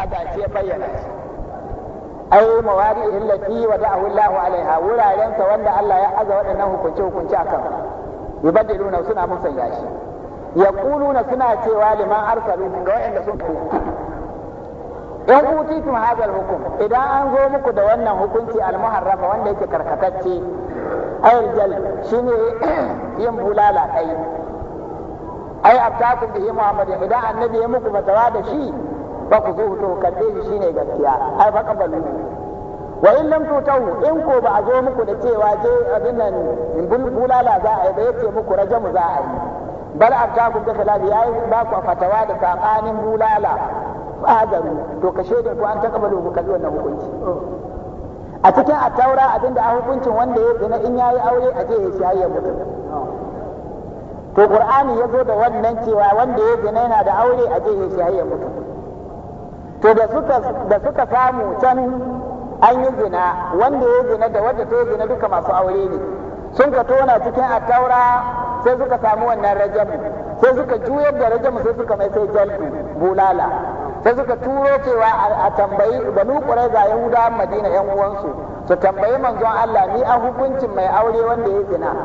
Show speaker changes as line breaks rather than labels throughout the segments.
hada shi ya bayyana shi ai mawadi illati wa da'ahu Allahu alaiha wuraren sa wanda Allah ya aza waɗannan hukunce hukunce akan yubaddiluna suna musanya shi yaquluna suna cewa liman arsalu ga waɗanda sun ku in utitum hadha al-hukm idan an zo muku da wannan hukunci al-muharrafa wanda yake karkatacce ayar jal shine yin bulala kai ai abtakum bihi muhammadin idan annabi ya muku fatawa da shi ba ku zo to kalle shi shine gaskiya ai fa kabalu wa in lam tutahu in ko ba a zo muku da cewa je abin nan in bulala za a yi ba yace muku rajamu za a yi bal atakum da kalabi yayi ba ku fatawa da sabanin bulala fadaru to kashe da ku an takabalu ku kalli wannan hukunci a cikin attaura abinda a hukuncin wanda ya zina in yayi aure a je ya shi ya mutu to qur'ani ya zo da wannan cewa wanda ya zina yana da aure a je ya shi ya mutu to da suka da suka samu can an yi zina wanda ya zina da wadda ta yi zina duka masu aure ne sun ka tona cikin attaura sai suka samu wannan rajamu sai suka juyar da rajamu sai suka mai sai jalbi bulala sai suka turo cewa a tambayi banu ga yahuda madina yan uwansu su tambayi manzon Allah ni a hukuncin mai aure wanda ya zina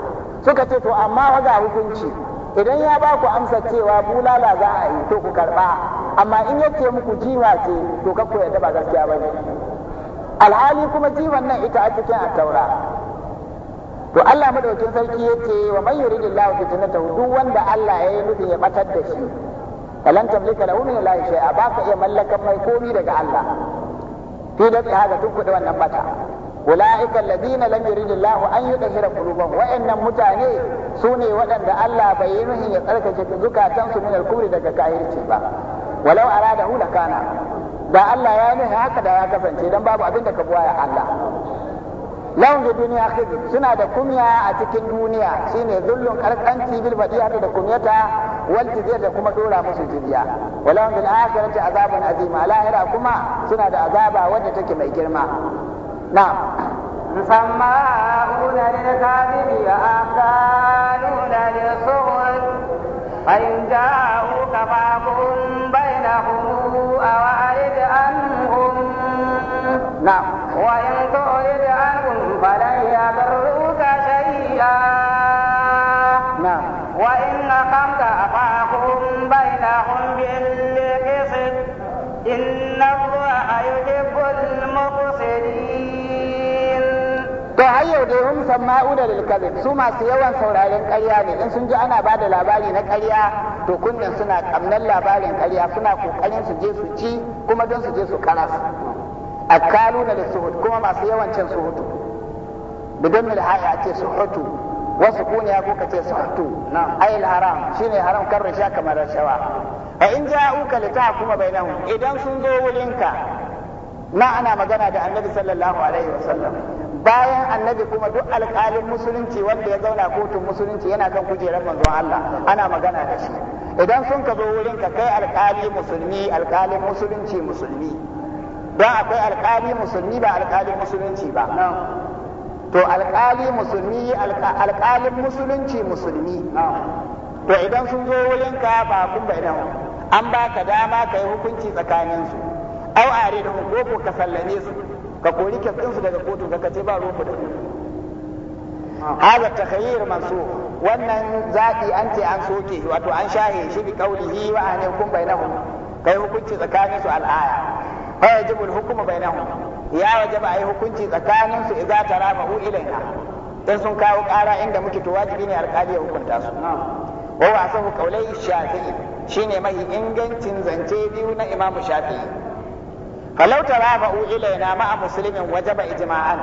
suka ce to amma ga hukunci idan ya ba ku amsa cewa bulala za a yi to ku karba amma in yace muku jiwa ce to ka koya da ba gaskiya ba ne alhali kuma jiwan nan ita a cikin attaura to Allah madaukin sarki ya ce wa man yuridillahu fitnatahu duk wanda Allah ya yi nufin ya batar da shi alam tamlika lahu min Allah shay'a ka iya mallakan mai komi daga Allah fi da haka tun kudi wannan bata أولئك الذين لم يرد الله أن يطهر قلوبهم وإن allah bai yi الله tsarkake zukatansu min al الكفر daga kahirci ba walau aradahu lakana da Allah ya nufi haka da ya kasance dan babu abin da ka buwaya Allah lahum da duniya khizy suna da kumya a cikin duniya shine zullun karkanci bil badiyata da kumyata wal jizya da kuma dora musu jizya walahum bil akhirati azabun azim lahira kuma suna da azaba wadda take mai girma na'am
بينهم وأعرض عنهم نعم وإن تعرض عنهم فلن يضروك شيئا نعم وإن أقمت أطاعهم بينهم بالقسط إن الله يحب المقسط
to har yau dai hum sama'una lil kadhib su masu yawan sauraren ƙarya ne in sun ji ana bada labari na ƙarya to kunnen suna kamnan labarin ƙarya suna kokarin su je su ci kuma don su je su karas akaluna lis suhut kuma masu yawan cin suhutu bidan mil haya ce suhutu wasu kuniya ko kace suhutu ayil haram shine haram kan rasha kamar rashawa a in ja'uka litahkuma bainahum idan sun zo wurinka na ana magana da annabi sallallahu alaihi wasallam bayan annabi kuma duk alƙalin musulunci wanda ya zauna kotun musulunci yana kan kujerar manzon Allah ana magana da shi idan sun ka zo wurin ka kai alƙali musulmi alƙalin musulunci musulmi don akwai alƙali musulmi ba alƙalin musulunci ba to alƙali musulmi alƙalin musulunci musulmi to idan sun zo wurin ka ba kun bai an ba ka dama ka yi hukunci tsakaninsu au a ko ko ka sallame su ka kori kes ɗinsu daga kotu ka kace ba ruwan da hada takhayyir masu. wannan zaɓi an ce an soke wato an shahe shi bi qaulihi wa an yakum bainahum kai hukunci tsakanin su al'aya fa yajibu al-hukmu bainahum ya wajaba ai hukunci tsakanin su idza taramahu ilaina in sun kawo ƙara inda muke to wajibi ne alƙali ya hukunta su wa wa sahu shafi'i shine mahi ingancin zance biyu na imamu shafi'i falau tarafa'u ilaina ma'a muslimin wajaba ijma'an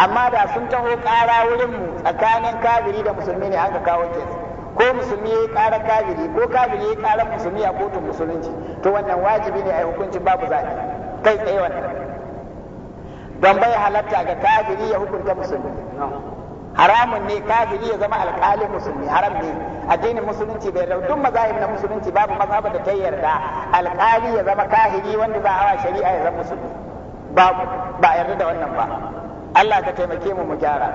amma da sun taho ƙara wurin mu tsakanin kafiri da musulmi ne an ka kawo ke, ko musulmi ya ƙara kafiri ko kafiri ya ƙara musulmi a kotun musulunci to wannan wajibi ne a hukuncin babu zaɓi kai tsaye wannan don bai halatta ga kafiri ya hukunta musulmi haramun ne kafiri ya zama alƙalin musulmi haram ne addinin musulunci bai duk mazahib na musulunci babu mazhabar da ta yarda alƙali ya zama kahiri wanda za a wa shari'a ya zama musulmi babu ba a yarda da wannan ba Allah ka taimake mu mu gyara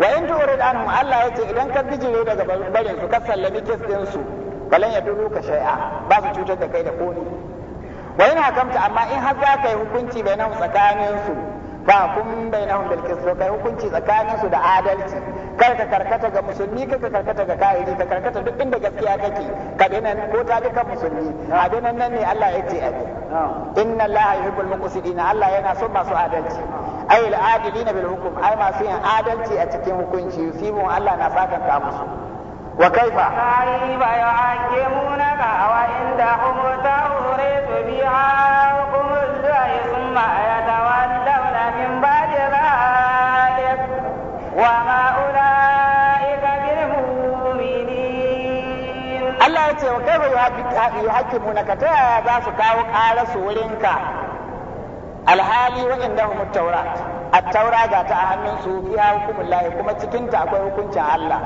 wa in turid an Allah ya ce idan ka bijire daga barin su ka sallami kes din su balan ya duru ka shay'a ba su cutar da kai da koni wa in hakamta amma in har za ka yi hukunci bainahum tsakanin su fa kun bainahum bil qist kai hukunci tsakanin su da adalci kar ka karkata ga musulmi kar ka karkata ga kafiri ka karkata duk inda gaskiya kake ka dinan ko ta duka musulmi a dinan nan ne Allah ya ce a bi inna Allah yuhibbul muqsitin Allah yana son masu adalci ay al adilina bil hukm ai masu yin adalci a cikin hukunci yusibu Allah na sakan ka musu wa kaifa
kaifa yu'akimunaka wa indahum tawritu biha hukumul lahi thumma yatawalla Wa ya Allah ce وما أولئك بالمؤمنين
ta za su kawo ƙara su wurin ka?" alhali inda mu taura taura ga ta a hannun su fiya hukumin lahi kuma cikin ta akwai hukuncin Allah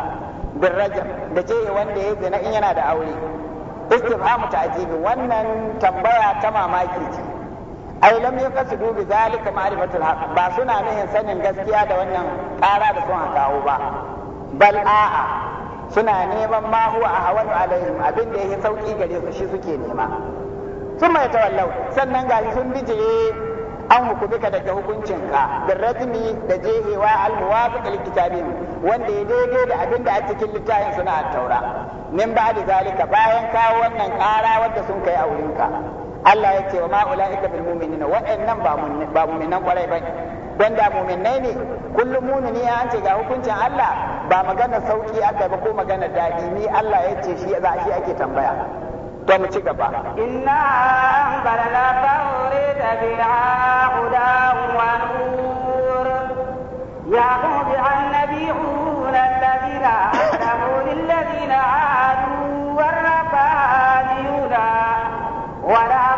bin Rajam da ce wanda ya zina in yana da aure istifhamu ta'jibi wannan tambaya ta mamaki ce ai lam kasu dubi zalika ma'rifatul haqq ba suna nihin sanin gaskiya da wannan ƙara da sun kawo ba bal a'a suna neman ma huwa hawan alaihim abin da yake sauki gare su shi suke nema sun mai tawallau sannan gashi sun bijire an hukumika daga hukuncinka bin rajmi da jehewa almuwafiq alkitabin wanda ya daidai da abin da a cikin littafin suna taura min ba da zalika bayan kawo wannan ƙara wanda sun kai a wurinka Allah ya ce wa ma ulaika bil mu'minina wa'annan ba ba mu'minan kwarai ba dan da mu'minai ne kullum mu'mini ya an ce ga hukuncin Allah ba magana sauki aka ba ko magana dadi ni Allah ya ce shi za shi ake tambaya to mu ci gaba
inna anzalna fawrida bi'a hudan wa nur يعقوب النبيون الذين أسلموا للذين عادوا والربانيون ولا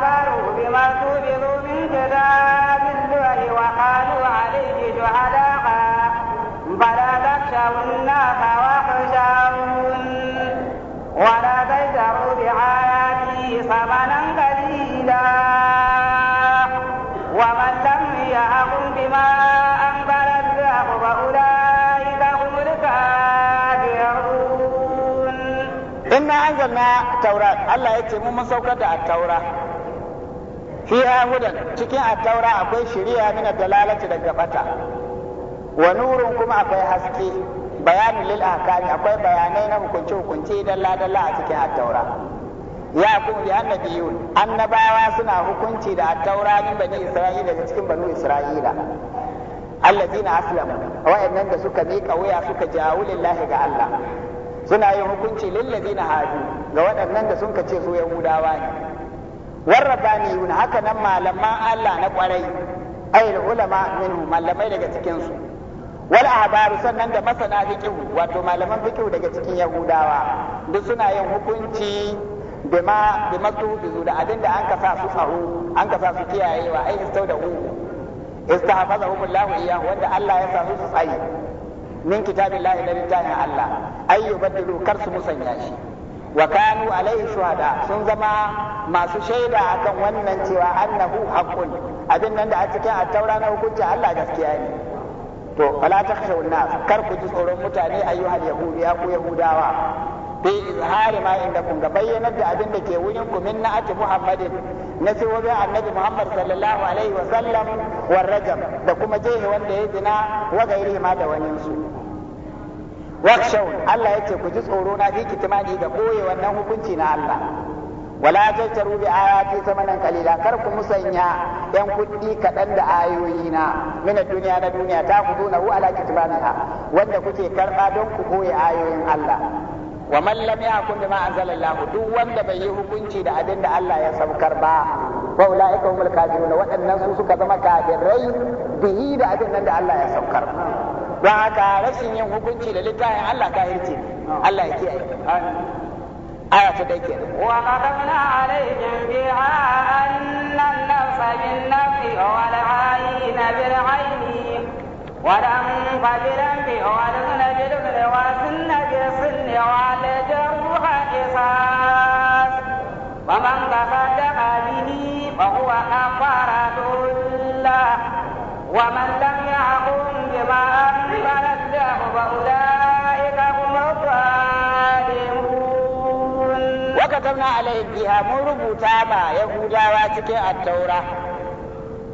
كذا بالله وقالوا عليه جهلاء فلا تخشوا الناس واخشون ولا تجروا بآياته ثمنا قليلا ومن لم يحكم بما أنبل الله فأولئك هم الكافرون
إنا أنزلنا التوراة الله يتم من سوكة التوراة fiha hudan cikin attaura akwai shiriya min dalalati daga bata wa nurun kuma akwai haske bayanin lil ahkami akwai bayanai na hukunce hukunce dalla dalla a cikin attaura ya kuma bi annabiyun annabawa suna hukunci da attaura bani isra'ila daga cikin banu isra'ila allazina aslamu wa'annan da suka miƙa wuya suka jawo lillahi ga Allah suna yin hukunci lillazina hadu ga waɗannan da sun ce su yahudawa ne warrabaniyuna haka nan malaman Allah na kwarai ayil ulama minhu malamai daga cikin su wal sannan da masana fiqhu wato malaman fiqhu daga cikin yahudawa duk suna yin hukunci bima bima tuhdu da abinda an kasa su tsaho an kasa su kiyayewa ai istau da hu istahfazahum Allah iyyahu wanda Allah ya sa su tsayi min kitabillahi da littafin Allah ayyubaddilu kar su musanya shi wa kanu alaihi shuhada sun zama masu shaida akan wannan cewa annahu haqqun abin nan da a cikin attaura na hukunci Allah gaskiya ne to fala kashe wannan, kar ku ji tsoron mutane ayyuhal yahudi ya ku yahudawa bi izhari ma inda kun ga bayyanar da abin da ke wurin ku min na'ati muhammadin na sirrin annabi muhammad sallallahu alaihi wa sallam war rajab da kuma jehe wanda ya zina wa gairi ma da waninsu wakshawun Allah ya ce ku ji tsoro na fi kitimani da ɓoye wannan hukunci na Allah wala tajtaru bi ayati samanan qalila kar ku musanya yan kuɗi kaɗan da ayoyi na mina duniya na duniya ta ku duna hu ala kitbaniha wanda kuke karɓa don ku ɓoye ayoyin Allah wa man lam yahkum bima anzalallahu duk wanda bai yi hukunci da abin da Allah ya saukar ba wa ulaika kafirun waɗannan su suka zama kafirai bihi da abin nan da Allah ya saukar don haka rashin yin hukunci da littafin Allah ka kafirci ne Allah ya kiyaye aya ta dai kenan
wa qadamna alayhim biha anna an-nafsa bin-nafsi wal 'ayna bil-'ayni wal anfa bil-anfi wal udhna bil-udhni wa sunna bis-sunni wal jarha qisas wa man tasaddaqa bihi fa huwa kafaratu lahu wa man
katabna alaihim biha mun rubuta ma gudawa cikin attaura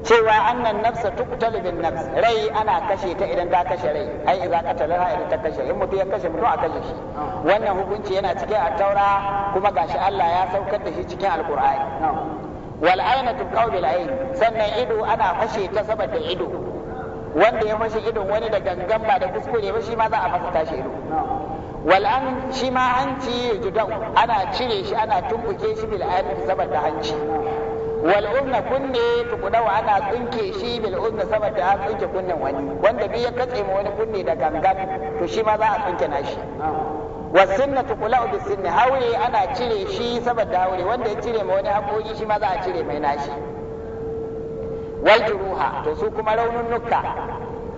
cewa annan nafsa tuqtalu bin nafs rai ana kashe ta idan ta kashe rai ai idan qatalaha idan ta kashe in mutum ya kashe a kashe shi wannan hukunci yana cikin attaura kuma gashi Allah ya saukar da shi cikin alqur'ani wal aynatu qawlul ayn sannan ido ana fashe ta saboda ido wanda ya fashe idon wani da gangan ba da kuskure ba shi ma za a fasa tashi ido wal'an shi ma hanci judau ana cire shi ana tumbuke shi bil ayyuka saboda hanci wal unna kunne tukudau ana tsinke shi bil unna saboda an tsinke kunnen wani wanda bi ya katse ma wani kunne da gangan to shi ma za a tsinke nashi wa sunna tukulau bis sunni haure ana cire shi saboda haure wanda ya cire ma wani haƙoƙi shi ma za a cire mai nashi wal juruha to su kuma raunin nukka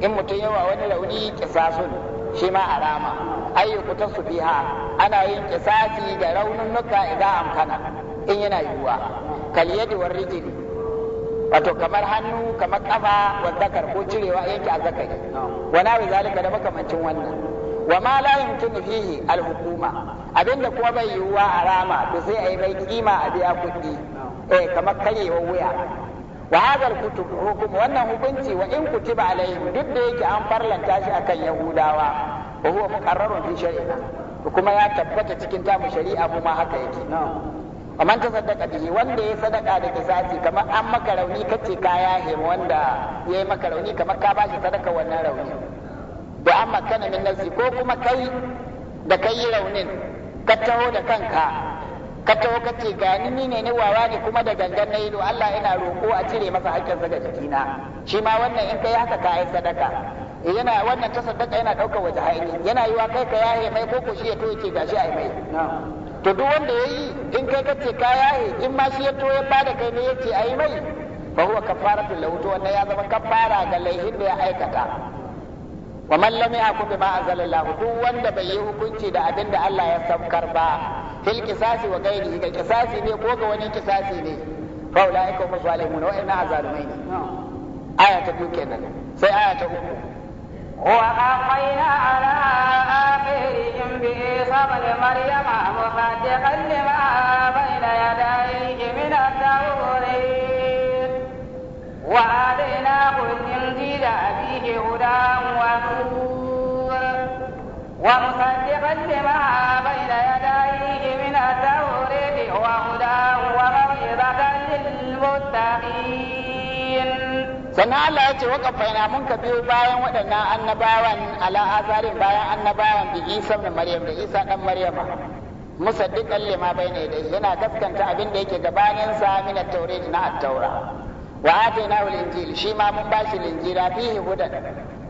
in mutum yawa wani rauni kisasun shi ma arama ay su biha ana yin kisasi da nuka idan amkana in yana yiwuwa kal yadi war wato kamar hannu kamar kafa wa zakar ko cirewa yanki a zakari wa na zalika da makamancin wannan wa ma la yumkinu fihi al hukuma abinda kuma bai yiwuwa a rama to sai ayi mai kima a biya kuɗi eh kamar karewa wuya wa hadha hukum wannan hukunci wa in kutiba alaihim duk da yake an farlanta shi akan yahudawa wa huwa muqarrarun fi To kuma ya tabbata cikin tamu shari'a mu ma haka yake amma ta sadaka bihi wanda ya sadaka da kisasi kamar an maka rauni kace ka ya yahe wanda ya yi maka rauni kamar ka bashi sadaka wannan rauni da an makana min nafsi ko kuma kai da kai yi raunin ka taho da kanka ka taho ka ce gani ni ne ni wawa ne kuma da gangan na ido Allah ina roƙo a cire masa hakkin sa ga jikina shi ma wannan in kai haka ka yi sadaka yana wannan ta sadaka yana ɗaukar waje haini yana yi wa kai ka yaye mai ko shi ya to yake gashi a mai to duk wanda ya yi in kai kace ka yaye in ma shi ya to ya bada kai ne yace a yi mai fa huwa kafaratul lahu wannan ya zama kafara ga laihin da ya aikata wa man lam yahkum bima anzalallahu duk wanda bai yi hukunci da abin da Allah ya samkar ba fil qisasi wa ghairihi ga qisasi ne ko ga wani qisasi ne fa ulaika hum zalimun wa inna azalimin ne aya ta biyu kenan sai aya ta uku
وقفينا على آخرهم بعيسى ابن مريم مصدقا لما بين يديه من التوريد وآتيناه الإنجيل فيه هدى ونور ومصدقا لما بين يديه من التوريد وهدى وموعظة للمتقين
sannan Allah ya ce
waka faina mun ka biyo bayan waɗannan
annabawan ala azarin bayan annabawan bi Isa da Maryam da Isa dan Maryama musaddiqan lima bayna yadayhi yana gaskanta abin da yake gabanin sa min at na at-taura wa atayna al-injil shi ma mun bashi linjila fihi hudan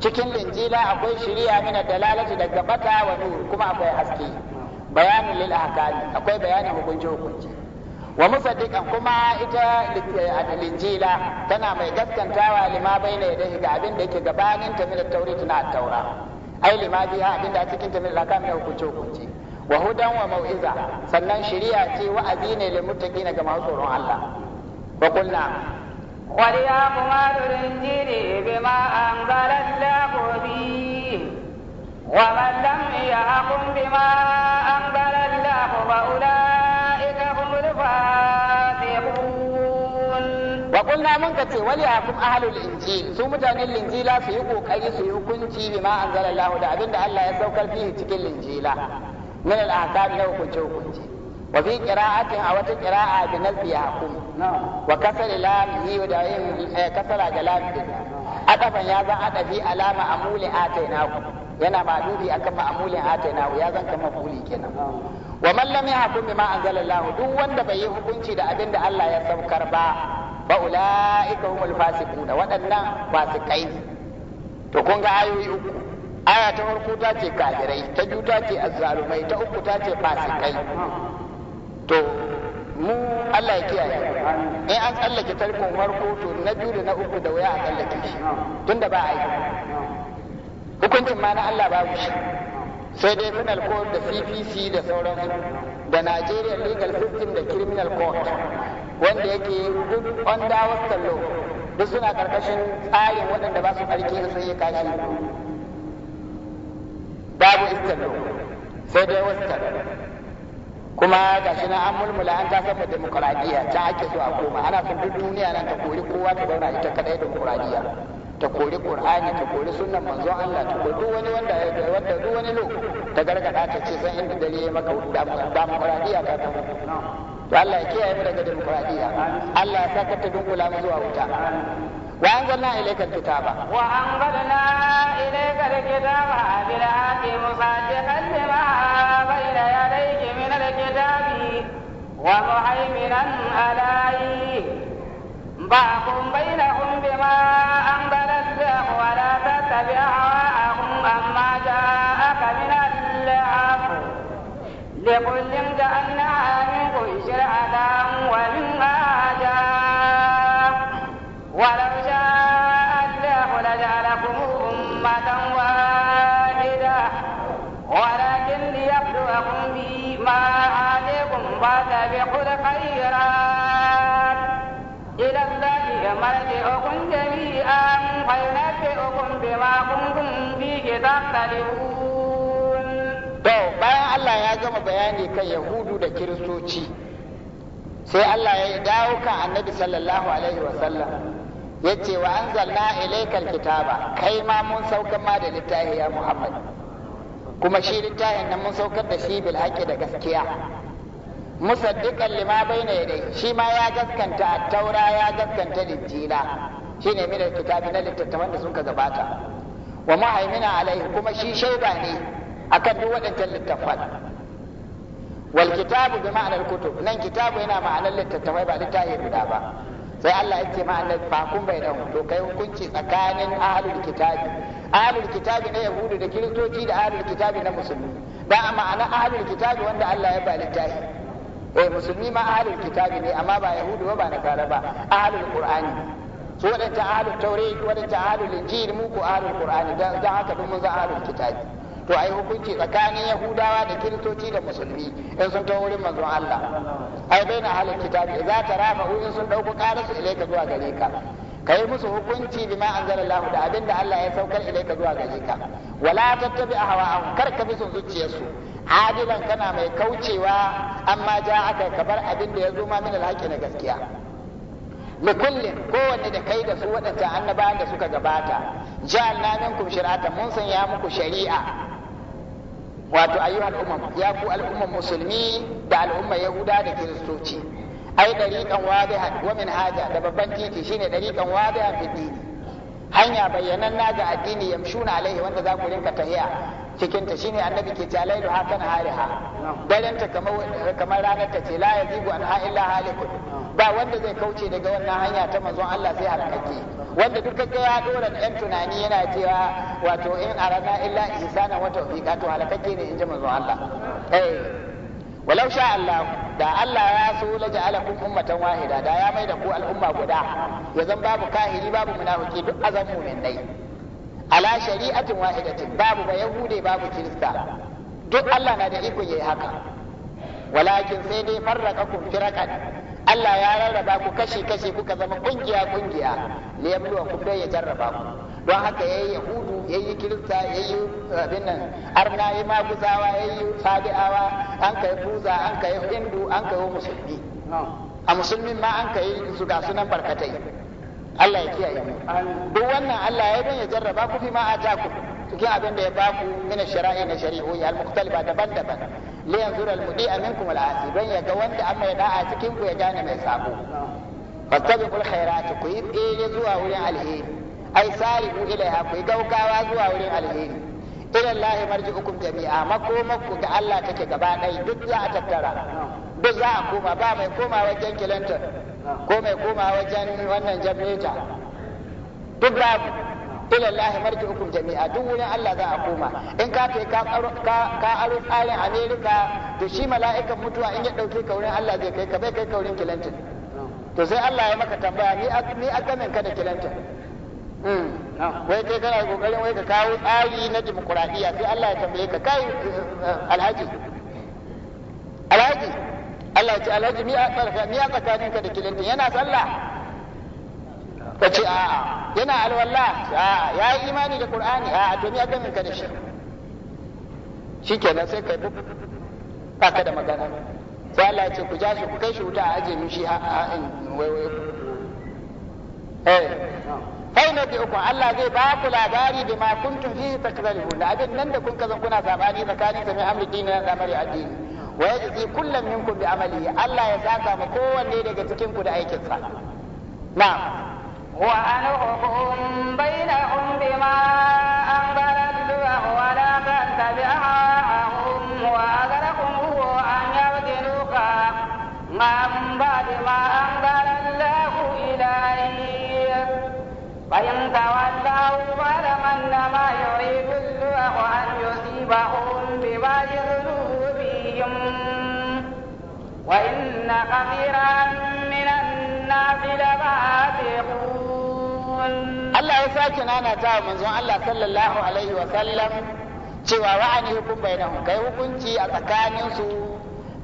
cikin linjila akwai shari'a min dalalati daga bata wa nur kuma akwai haske bayanin lil ahkami akwai bayanin hukunci hukunci wa musaddiqan kuma ita al-injila eh, tana mai gaskantawa lima bayna yadayhi ga abin da yake gabanin ta min tawrit na taura ai lima biya abin da cikin ta min lakam na hukunci-hukunci, wa hudan wa mau'iza sannan shari'a ce wa'azi ne lil muttaqina ga masu tsoron Allah wa qulna
qul ya qamatul injili bima anzalallahu bihi wa man lam yahkum bima anzalallahu fa ulai kafirun
wa kunna mun ka ce wali akum ahlul injil su mutanen linjila su yi kokari su yi hukunci bima anzalallahu da abinda Allah ya saukar fihi cikin linjila min al ahkam na hukunci hukunci wa fi qira'atin a wata qira'a bi nafi yakum wa kasal lam yi da yin kasala da lam din adafan ya zan adafi alama amuli atainaku yana ba dubi akan ma'amulin atainaku ya zan kama kuli kenan wa man lam yahkum bima Allah duk wanda bai yi hukunci da abin da Allah ya saukar ba ba ulaika humul fasiqun waɗannan fasikai to kun ga ayoyi uku aya ta farko ta ce kafirai ta biyu ta ce azzalumai ta uku ta ce fasikai to mu Allah ya kiyaye in an tsallake tarkon farko to na biyu da na uku da waya a tsallake shi tunda ba a yi hukuncin ma na Allah babu shi sai dai penal code da cpc da sauran da nigerian legal system da criminal court wanda yake duk under western law duk suna karkashin tsarin waɗanda ba su ƙarfi da sun yi kashi babu eastern law sai dai western kuma ga shi na an mulmula an ta saba demokuraɗiyya ta ake so a koma ana son duk duniya nan ta kori kowa ta zauna ita kaɗai demokuraɗiyya ta kori qur'ani ta kori sunan manzo Allah ta kori duk wani wanda ya wanda duk wani lo ta gargada ta ce san inda dare ya maka demokradiya ta ta to Allah ya kiyaye mu daga demokradiya Allah ya saka ta dunkula mu zuwa wuta wa anzalna ilayka alkitaba
wa anzalna ilayka alkitaba bil haqqi musaddiqan lima bayna yadayka min alkitabi wa muhaiminan alayhi بعضهم بينهم بما أنزل الله ولا تتبع هواءهم أما جاءك من العفو لكل جعلنا منكم شرعة ومما جاء ولو جاء الله لجعلكم أمة واحدة ولكن ليبلوكم بما عليكم فاتبعوا الخيرات ثم نبئكم جميعا فينبئكم بما كنتم ke تختلفون
to bayan Allah ya gama bayani kan Yahudu da Kiristoci sai Allah ya dawo kan Annabi sallallahu alaihi wa sallam yace wa anzalna ilayka kitaba kai ma mun saukar ma da littafi ya Muhammad kuma shi littafin nan mun saukar da shi bil haqqi da gaskiya musaddiqan lima bayna yadayhi shi ma ya gaskanta taura ya gaskanta linjila shine min kitabi na littattafan da suka gabata wa ma'aimina alaihi kuma shi shaida ne a kan duk waɗancan littattafan wal kitabu bi ma'anar kutub nan kitabu yana ma'anar littattafai ba littafi guda ba sai Allah yake ma'anar fakun bai dan to kai hukunci tsakanin ahlul kitabi ahlul kitabi na yahudu da kiristoci da ahlul kitabi na musulmi da ma'anar ahlul kitabi wanda Allah ya ba littafi eh musulmi ma ahlul kitabi ne amma ba yahudu ba ba nasara ba ahlul qur'ani su wadanta ahlul taure wadanta ahlul injil mu ko ahlul qur'ani dan haka duk mun za ahlul kitabi to ai hukunci tsakanin yahudawa da kiristoci da musulmi in sun ta wurin manzon Allah ai bai na halin kitabi za ta rama in sun dauko karasu ilaika zuwa gare ka kai musu hukunci bi bima anzalallahu da abinda Allah ya saukar ilaika zuwa gare ka wala tattabi ahwa'ahum kar ka bi sun zuciyarsu adilan kana mai kaucewa amma ja aka kabar abin da ya zo ma min alhaqi na gaskiya likullin kowanne da kai da su waɗancan annabawan da suka gabata Jihar minkum shariata mun sanya muku shari'a wato ayyuhal umam ya ku al'umman musulmi da al'umma yahuda da kiristoci ai dariqan wadiha wa min haja da babban titi shine dariqan wadiha fi dini hanya bayyanan na ga addini yamshuna alaihi wanda za ku rinka tahiya cikin ta shine annabi ke Jalai da hakan hariha daren ta kamar ranar ta ce la yazigu an ha illa halikun ba wanda zai kauce daga wannan hanya ta manzon Allah sai halakake wanda duk kaga ya dora ɗan tunani yana cewa wato in arana illa ihsana wa tawfiqa to halakake ne in ji manzon Allah eh walau Allah da Allah ya so la ja'alakum ummatan wahida da ya mai da ku al'umma guda ya babu kahiri babu munafiki duk azan mu'minai ala shari'atin wahidatin babu ba yahude babu kirista duk Allah na da iko yayi haka walakin sai dai farraqakum firaqan Allah ya rarraba ku kashe-kashe kuka zama kungiya kungiya liyabluwakum dai ya jarraba ku don haka yayi yahudu yayi kirista yayi eh, abin nan arna yayi maguzawa yi sabi'awa an kai buza an kai hindu an kai musulmi a musulmin ma an kai su ga sunan barkatai Allah ya kiyaye mu duk wannan Allah ya don ya jarraba ku fi ma ku, cikin abin da ya baku min shari'a na shari'o'i al-mukhtalifa daban-daban li yanzura al-mudi'a minkum al-asi don ya ga wanda amma ya da'a cikin ku ya gane mai sabo fastabiqul khairat ku yi zuwa wurin alheri ai ila ya ku gaukawa zuwa wurin alheri ila Allah marji'ukum jami'a makomakku ga Allah take gaba ɗaya duk za a tattara duk za a koma ba mai koma wajen kilanta ko mai koma wajen wannan jamreta duk babu ila Allah marji'ukum jami'a duk wurin Allah za a koma in ka kai ka aro tsarin Amerika to shi mala'ikan mutuwa in ya dauke ka wurin Allah zai kai ka bai kai ka wurin kilanta to sai Allah ya maka tambaya ni a gamin ka da kilanta Mm. wai kai kana kokarin wai ka kawo tsari na dimokuraɗiyya sai Allah ya tambaye ka kai alhaji alhaji Allah ya ce alhaji mi a tsakaninka da kilintin yana sallah ka ce a'a yana alwala a'a ya yi imani da qur'ani a'a to ni a ganin ka da shi Shi shikenan sai kai duk baka da magana sai Allah ya ce ku ja shi ku kai shi wuta a aje mishi a in waiwai eh kai na bi uku Allah zai ba ku labari da ma kuntum fihi takzalihun abin nan da kun kazan kuna sabani tsakanin sami mai amri dinin da amri addini wa yajzi kullam minkum bi amali, Allah ya saka mu kowanne daga cikin ku da aikin sa na'am
wa ana hukum bainahum bima anbarat wa la tabi'ahum wa agarakum an yabdiluka ma ba'di ma anbara Allah ilayhi فإن تولوا فلمن ما يريد الله أن يصيبهم ببعض ذنوبهم وإن كثيرا من الناس لفاسقون
الله يسألك أنا تاب من زمان الله صلى الله عليه وسلم cewa wa'ani hukum bainahum kai hukunci a tsakaninsu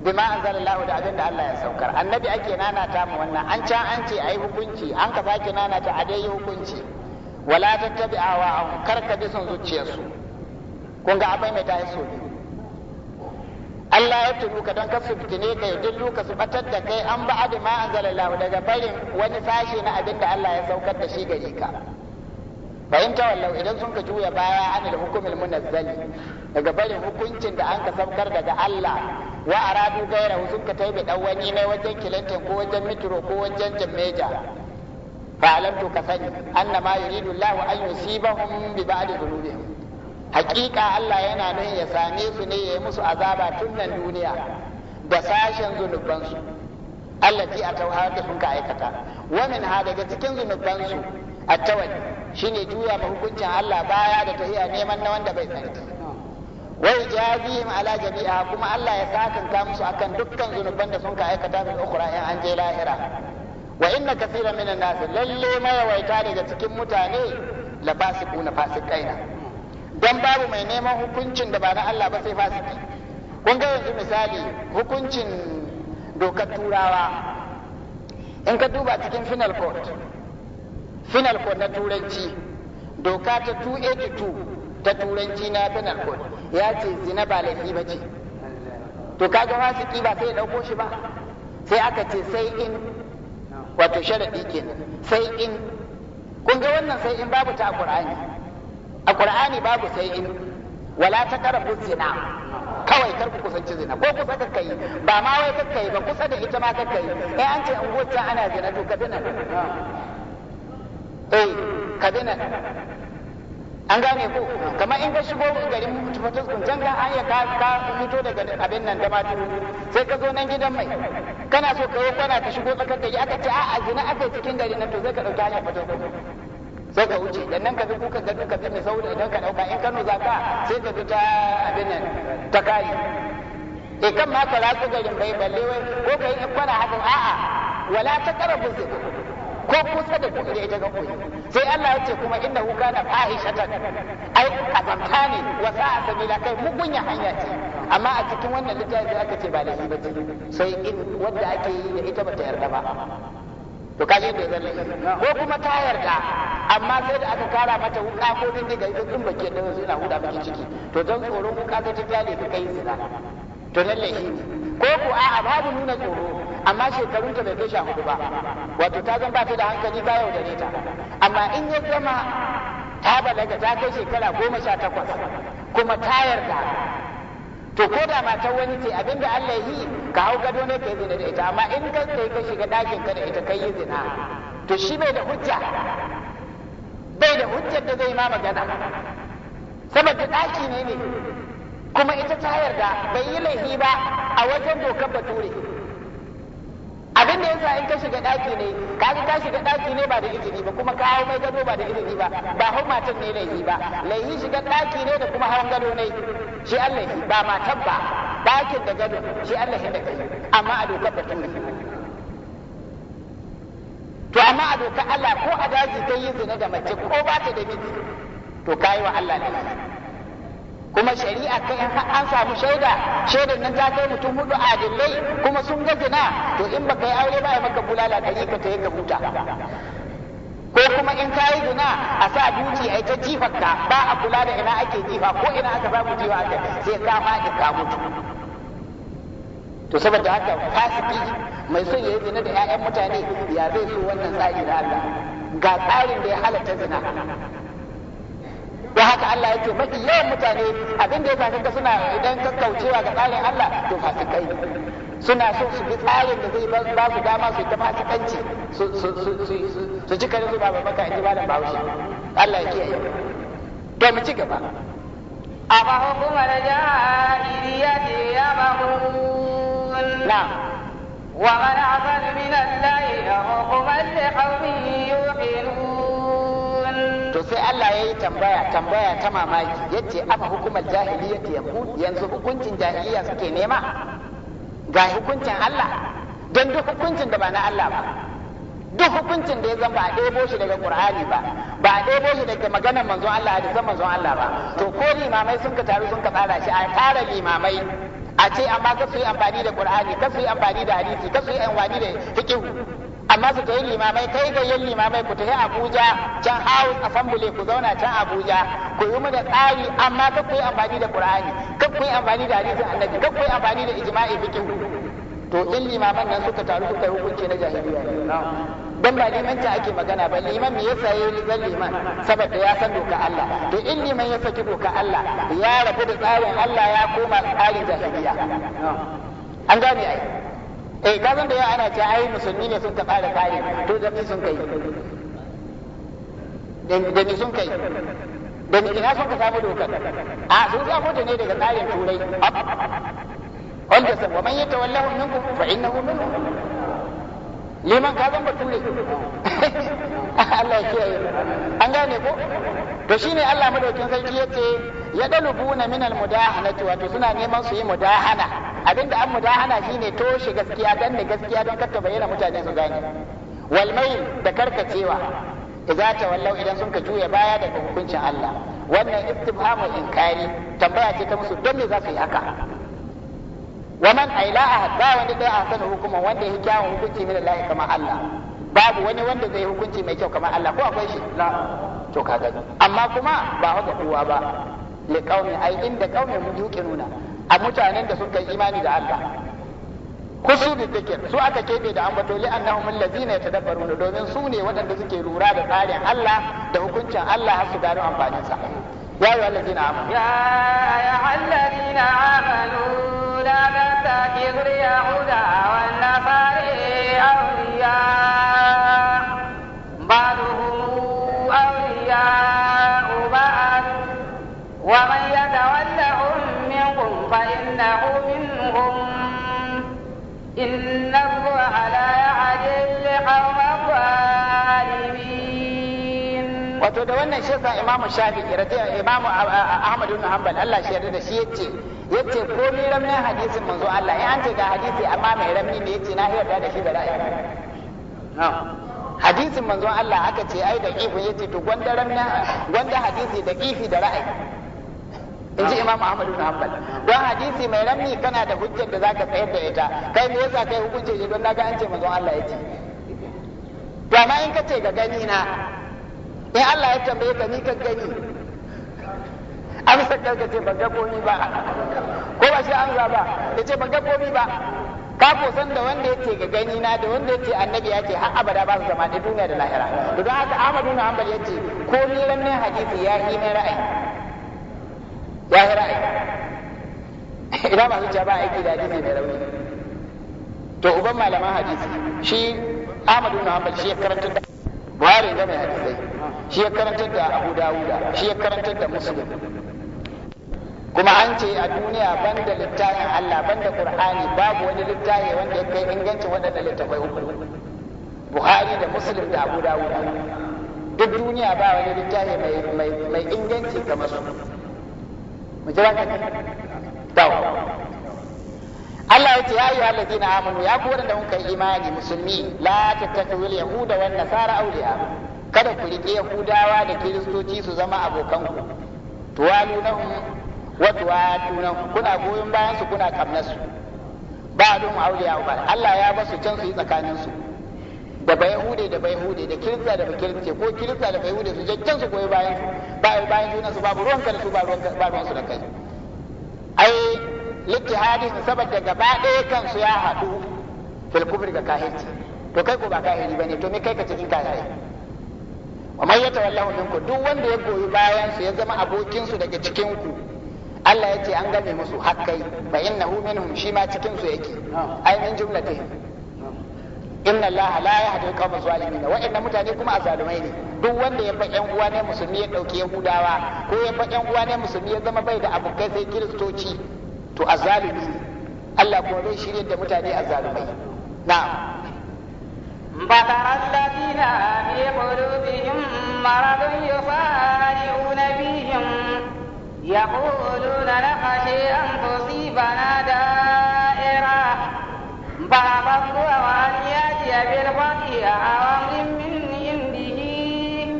bima anzalallahu da abin da Allah ya saukar annabi ake nanata mu wannan an can an ce ayi hukunci an ka sake nanata a dai hukunci wala tattabi awa kar ka bi son su kun ga abai mai tayi so Allah ya tudu ka don ka fitine ka ya dillu ka su batar da kai an ba ba'ad ma anzalallahu daga barin wani sashi na abin da Allah ya saukar da shi gare ka bayan tawallau idan sun ka juya baya an da hukumin munazzali daga barin hukuncin da an ka saukar daga Allah wa aradu gaira sun ka taibe dan wani ne wajen kilantin ko wajen mitro ko wajen jammeja fa alam to ka sani annama yuridu Allah an yusibahum bi ba'di dhunubihim Allah yana nuhin ya same su ne ya yi musu azaba tun nan duniya da sashen zunubansu a atawha da sun ka aikata Wannan ha daga cikin zunubansu at-tawalli shine juya ma hukuncin Allah baya da tahiya neman na wanda bai sani wai jazihim ala jami'a kuma Allah ya sakanka musu akan dukkan zunuban da sun ka aikata fil ukhra in an je lahira wa inna kaseeran minan nas lalle mayawaita daga cikin mutane la fasiquna fasiqaina dan babu mai neman hukuncin da ba na Allah ba sai fasiki kun ga yanzu misali hukuncin dokar turawa in ka duba cikin final court final code na turanci doka ta 282 ta turanci na final code ya ce zina ba laifi ba ce to kaga fasiki ba sai ya dauko shi ba sai aka ce sai in wato sharadi ke sai in kun ga wannan sai in babu ta a qur'ani a qur'ani babu sai in wala ta karabu zina kawai kar ku kusanci zina ko kusa kakka kai ba ma wai kakka ba kusa da ita ma kakka yi eh an ce gocce ana zina to ka zina eh kabinet an gane ko kamar in ka shigo garin tufatus can kan an ya ka fito daga abin nan da matu sai ka zo nan gidan mai kana so ka yi kwana ka shigo tsakar gari aka ce a'a zina aka cikin gari nan to sai ka dauki hanyar fatan kudu sai ka wuce dan nan ka bi kuka gado ka bi mai saboda idan ka dauka in Kano zaka sai ka fita abin nan ta kai e kan ma ka ratsu garin bai balle wai ko ka yi kwana haka a'a wala ta karabu zina ko kusa da kudure ita ga koyi sai Allah ya ce kuma inna hu kana fahishatan ai kazanta ne wa sa'a sabila kai mugunya hanya ce amma a cikin wannan littafi aka ce ba lahi bace sai in wanda ake yi da ita bata yarda ba to kaje da zan ko kuma ta yarda amma sai da aka kara mata wuka ko din da ita din bake da zai na huda miki ciki to dan tsoron wuka ta ta kyale ka kai zina to lalle lahi ne ko ku a'a babu nuna tsoro amma shekarun bai kai sha hudu ba wato ta zan ba ta da hankali ba yau da ta amma in ya zama ta balaga ta kai shekara goma sha takwas kuma ta yarda to ko da matar wani ce abinda Allah ya yi ka hau gado ne kai zina da ita amma in ka kai ka shiga dakin ka da ita kai yi zina to shi bai da hujja bai da hujjar da zai ma magana saboda ɗaki ne ne kuma ita ta yarda bai yi laifi ba a wajen dokar bature abin da yasa in ka shiga daki ne kaji ka shiga daki ne ba da izini ba kuma ka hawo mai gado ba da izini ba ba hau matan ne laifi ba laifi shiga daki ne da kuma hawan gado ne shi Allah ba matan ba dakin da gado shi Allah da kai amma a dokar bature to amma a dokar Allah ko a daji kai yi zina da mace ko ba ta da miji to kai wa Allah ne kuma shari'a kai in an samu shaida shaidan nan ta kai mutum hudu adillai kuma sun ga zina to in baka yi aure ba ya maka bulala ka yi ka ta ka huta ko kuma in ka yi zina a sa duci a ta jifarka ba a kula da ina ake jifa ko ina aka samu jifa aka sai ka faɗi ka mutu to saboda haka fasiki mai son ya zina da 'ya'yan mutane ya zai so wannan tsari na Allah ga tsarin da ya halatta zina don haka Allah ya ce mafi yawan mutane abin da ya saka ka suna idan ka kaucewa ga tsarin Allah to kai suna so su bi tsarin da zai ba su dama su ta kanci su ci kare zuba ba maka inji malam Bahaushe Allah ya yi to mu ci gaba a
أما حكم الجاهلية يبغون نعم ومن أحسن من الله حكما لقوم يوقنون
to sai Allah ya yi tambaya tambaya ta mamaki yace aka hukumar ta yanku yanzu hukuncin jahiliya suke nema ga hukuncin Allah don duk hukuncin da ba na Allah ba duk hukuncin da ya zan ba a ɗebo shi daga Qur'ani ba ba a ɗebo shi daga maganar manzon Allah da zan manzon Allah ba to ko limamai sun ka taru sun ka tsara shi a tara limamai a ce amma ka su yi amfani da Qur'ani ka su yi amfani da hadisi ka su yi amfani da fiqh amma su ta yi limamai kai gayyen limamai ku tafi abuja can a assembly ku zauna can abuja ku yi mana tsari amma kar ku yi amfani da qur'ani kar ku yi amfani da hadisin annabi kar ku yi amfani da ijma'i fiqh to in limaman nan suka taru suka yi hukunci na jahiliya dan ba limanci ake magana ba liman me yasa yayi zan liman saboda ya san doka Allah to in liman ya saki doka Allah ya rabu da tsarin Allah ya koma tsarin jahiliya an gane ai eh kazan da yawa ana ce ai musulmi ne sun ka tsara tsari to da sun kai da ni sun kai da ni ina sun ka samu dokar a sun sa ta ne daga tsarin turai wanda sa wa man yatawallahu minkum fa innahu minhum liman ka zan bature Allah ya kiyaye an gane ko to shine Allah madaukin sarki yace ya dalubuna min almudahanati wato suna neman su yi mudahana abinda an mudahana shine toshe gaskiya danne gaskiya don kar ta bayyana mutane su gane wal da karkacewa idza tawallau idan sun ka juya baya daga hukuncin Allah wannan istifhamu inkari tambaya ce ta musu don me za su yi haka wa man aila ahadda wani dai a sanin hukuma wanda ya kyawun hukunci min Allah kamar Allah babu wani wanda zai hukunci mai kyau kamar Allah ko akwai shi Na to kaga amma kuma ba haka kowa ba li qaumin ai inda a mutanen da sun kai imani da Allah kusu bi fikir su aka kebe da ambato li annahum allazina yatadabbaruna domin su ne waɗanda suke lura da tsarin Allah da hukuncin Allah har su gano amfanin sa ya ayyuhal ladina amanu
ya amanu la wan awliya ba'duhum awliya ومن يتولهم منكم فإنه منهم إن الله لا يعجل لقوم الظالمين
wato da wannan shi yasa imamu shafi'i radiya imamu ahmad ibn hanbal Allah shi yarda da shi yace yace ko ni ramin hadisin manzo Allah in an ce ga hadisi amma mai rami ne yace na yarda da shi da ra'ayi hadisin manzo Allah aka ce ai da ifin yace to gwanda ramin gwanda hadisi da ifi da ra'ayi in ji imamu ahmadu na hanbal don hadisi mai ramni kana da hujjar da zaka tsayar da ita kai me yasa kai hukunci ne don naga an ce manzon Allah ya ce to amma in ka ce ga gani na in Allah ya tambaye ka ni ka gani amsa ka ce ban ga komi ba ko ba shi amsa ba ya ce ban ga komi ba ka ko san da wanda yake ga gani na da wanda yake annabi yake har abada ba su zama da duniya da lahira to don haka Ahmadu na hanbal yace ko ni ranne hadisi ya yi mai ra'ayi ya ra'ayi idan ba hujja ba aiki da hadisi mai rauni to uban malaman hadisi shi Ahmad ibn Hanbal shi ya karanta da Buhari da mai hadisai shi ya karanta da Abu Dawuda shi ya karanta da Muslim kuma an ce a duniya banda littafin Allah banda Qur'ani babu wani littafi wanda ya kai ingancin waɗannan littafai uku Buhari da Muslim da Abu Dawuda duk duniya ba wani littafi mai inganci kamar su mu Allah ya ce ya ayyuhal na amanu ya kuwa da muka yi imani musulmi la tattakhidhu al yahuda wan nasara awliya kada ku rike yahudawa da kiristoci su zama abokan ku tuwalunahum wa tuwatunahum kuna goyon bayan su kuna kamnar su aure a ba Allah ya basu can su yi tsakanin su da hude da hude da kirista da bakirce ko kirista da hude su jajjan su koyi bayan bayan bayan junan su babu ruwan su ba ruwanka ba da kai ai littihadin saboda gaba ɗaya kansu ya haɗu fil kufri ga kahirci to kai ko ba kahiri bane to me kai ka cikin kahiri wa man yatawallahu minkum duk wanda ya goyi bayan su ya zama abokin su daga cikin ku Allah ya ce an game musu hakkai fa innahu minhum shi ma cikin su yake ai min jumlatihim inna allaha la yahdi al-qawma zalimin inna mutane kuma azalumai ne duk wanda ya bar yan uwa ne musulmi ya dauke yahudawa ko ya bar yan uwa ne musulmi ya zama bai da abokai sai kiristoci to azalumi Allah kuma zai shirye da mutane
azalumai na'am بطر الذين في قلوبهم مرض يصارعون فيهم يقولون نخشي أن تصيبنا دائرة ba الله أن بالفضل أوامر من عنده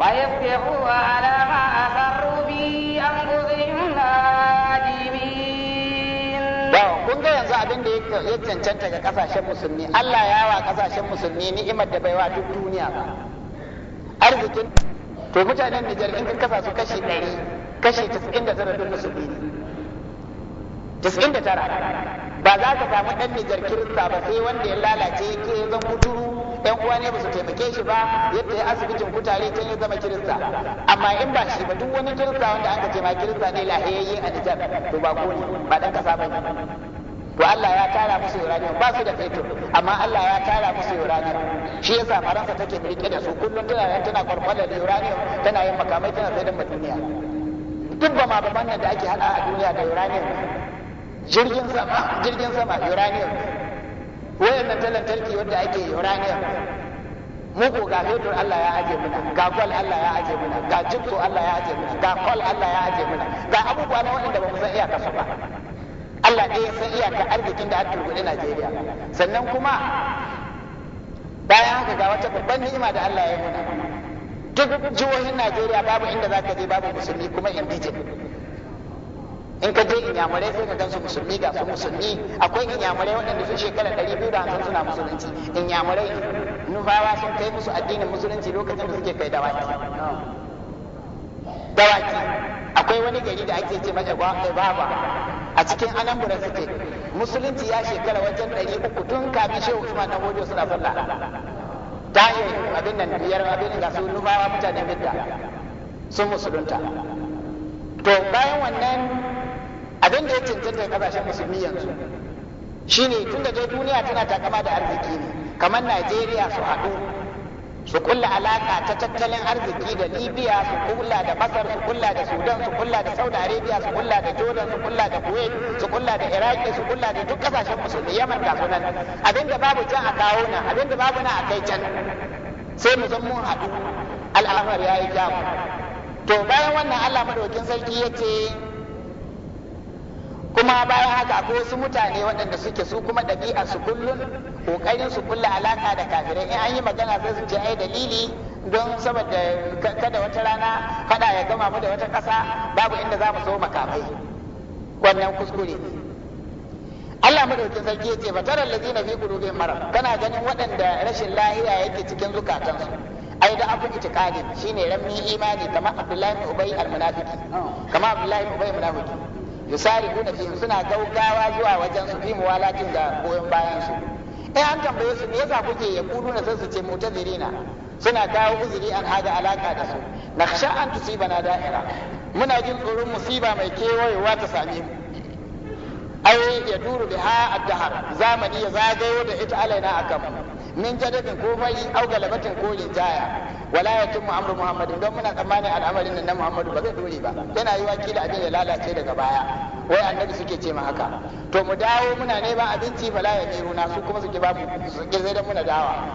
ويفتحوا على ما به أنفسهم نادمين.
kun ga yanzu abin da ya cancanta ga kasashen musulmi Allah ya wa kasashen musulmi ni'imar da bai wa ba to mutanen Nijar in ka kasa su kashi 100 kashi 99 duk musulmi ne 99 ba za ka samu ɗan nijar kirista ba sai wanda ya lalace yake ya kuturu yan uwa ne ba su taimake shi ba yadda ya asibitin kutare can ya zama kirista amma in ba shi ba duk wani kirista wanda aka ce ma kirista ne lahiyayye a nijar to ba ko ne ba ɗan kasa ba to Allah ya tara musu uranium ba su da fetur amma Allah ya tara musu uranium shi yasa faransa take rike da su kullum tana nan tana kwarkwalar uranium tana yin makamai tana sai da duniya duk ba ma da ake hada a duniya da uranium jirgin sama jirgin sama uranium wayan nan lantarki wanda ake uranium mu ko ga fetur Allah ya aje muna ga kwal Allah ya aje muna ga jikko Allah ya aje muna ga kwal Allah ya aje muna ga abubuwa na waɗanda ba mu san iyaka su ba Allah ɗaya san iyaka arzikin da aka rubuɗe Najeriya sannan kuma bayan haka ga wata babban ni'ima da Allah ya muna duk jihohin Najeriya babu inda zaka je babu musulmi kuma indijin in ka je inyamurai sai ka gansu musulmi ga su musulmi akwai inyamurai waɗanda sun shekara ɗari biyu da hamsin suna musulunci inyamurai nufawa sun kai musu addinin musulunci lokacin da suke kai dawaki dawaki akwai wani gari da ake ce mata eh, baba a cikin anambra suke musulunci ya shekara wajen ɗari uku tun kafin shehu usman na hojo suna ta yi abin nan biyar abin ga su nufawa mutanen bidda sun musulunta to bayan wannan abin da ya cancanta kasashen musulmi yanzu shine tunda dai duniya tana takama da arziki ne kamar Najeriya su haɗu su kulla alaka ta tattalin arziki da Libya su kulla da Masar su kulla da Sudan su kulla da Saudi Arabia su kulla da Jordan su kulla da Kuwait su kulla da Iraq su kulla da duk kasashen musulmi Yaman ga nan abin da babu can a kawo na abin da babu na a kai can sai mu zan mun haɗu al'amar ya yi jamu to bayan wannan Allah madaukin sarki ya ce kuma bayan haka akwai wasu mutane waɗanda suke su kuma ɗabi'a su kullum ƙoƙarin su kulla alaka da kafirai in an yi magana sai su ce ai dalili don saboda kada wata rana kada ya gama mu da wata ƙasa babu inda za mu so makamai wannan kuskure Allah mudaukin sarki ya ce ba tara lazina fi qulubihim marad kana ganin waɗanda rashin lahiya yake cikin zukatansu ai da abu itiqadin shine ramin imani kamar Abdullahi ibn Ubay al-Munafiqi kamar Abdullahi ibn Ubay al-Munafiqi yusari'una fi suna gaugawa zuwa wajen su bi muwalatin da goyon bayan su eh an tambaye su me yasa kuke ya kuduna sai su ce mutazirina suna kawo uzuri an haga alaka da su nakhsha an na da'ira muna jin tsoron musiba mai kewayewa ta same mu ai ya duru da ha addahar zamani ya zagayo da ita alaina akan min jadabin ko bai au galabatin ko jaya wala yatimmu amru muhammadin don muna tsammanin al'amarin nan na muhammadu ba zai dore ba yana yi wakili abin ya lalace daga baya wai annabi suke ce ma haka to mu dawo muna neman abinci bala ya miruna su kuma suke ki babu su zai da muna dawa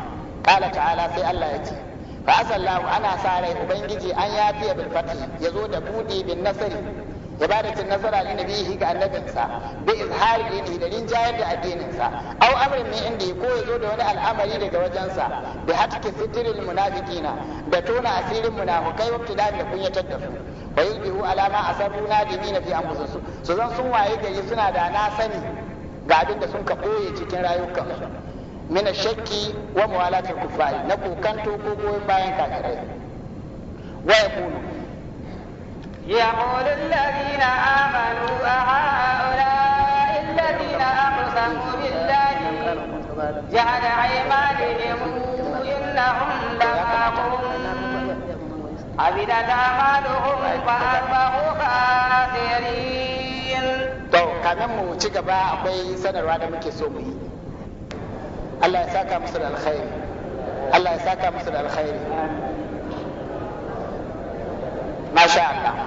qala ta'ala sai Allah ya ce fa asallahu ana sa rai ubangiji an yafiya bil ya yazo da budi bin nasari ibadatin nasara li nabihi ga annabinsa bi izhari dinihi da rinjayar da addininsa Au amrin min indi ko yazo da wani al'amari daga wajensa bi hatki sitril munafiqina da tona asirin munafikai wa da kunyatar da su wa yusbihu alama asabu nadimina fi anfusihim su zan sun waye gari suna da na sani ga abin da sun ka koye cikin rayukansu min shakki wa muwalatil kuffari na kokanto ko goyon bayan kafirai wa yaqulu
يقول الذين آمنوا أهؤلاء الذين أقسموا بالله جعل إنهم عبدت أعمالهم فأصبحوا خاسرين
mu ci gaba akwai sanarwa da muke so mu yi Allah ya saka musu da alkhairi Allah ya saka musu da alkhairi Masha Allah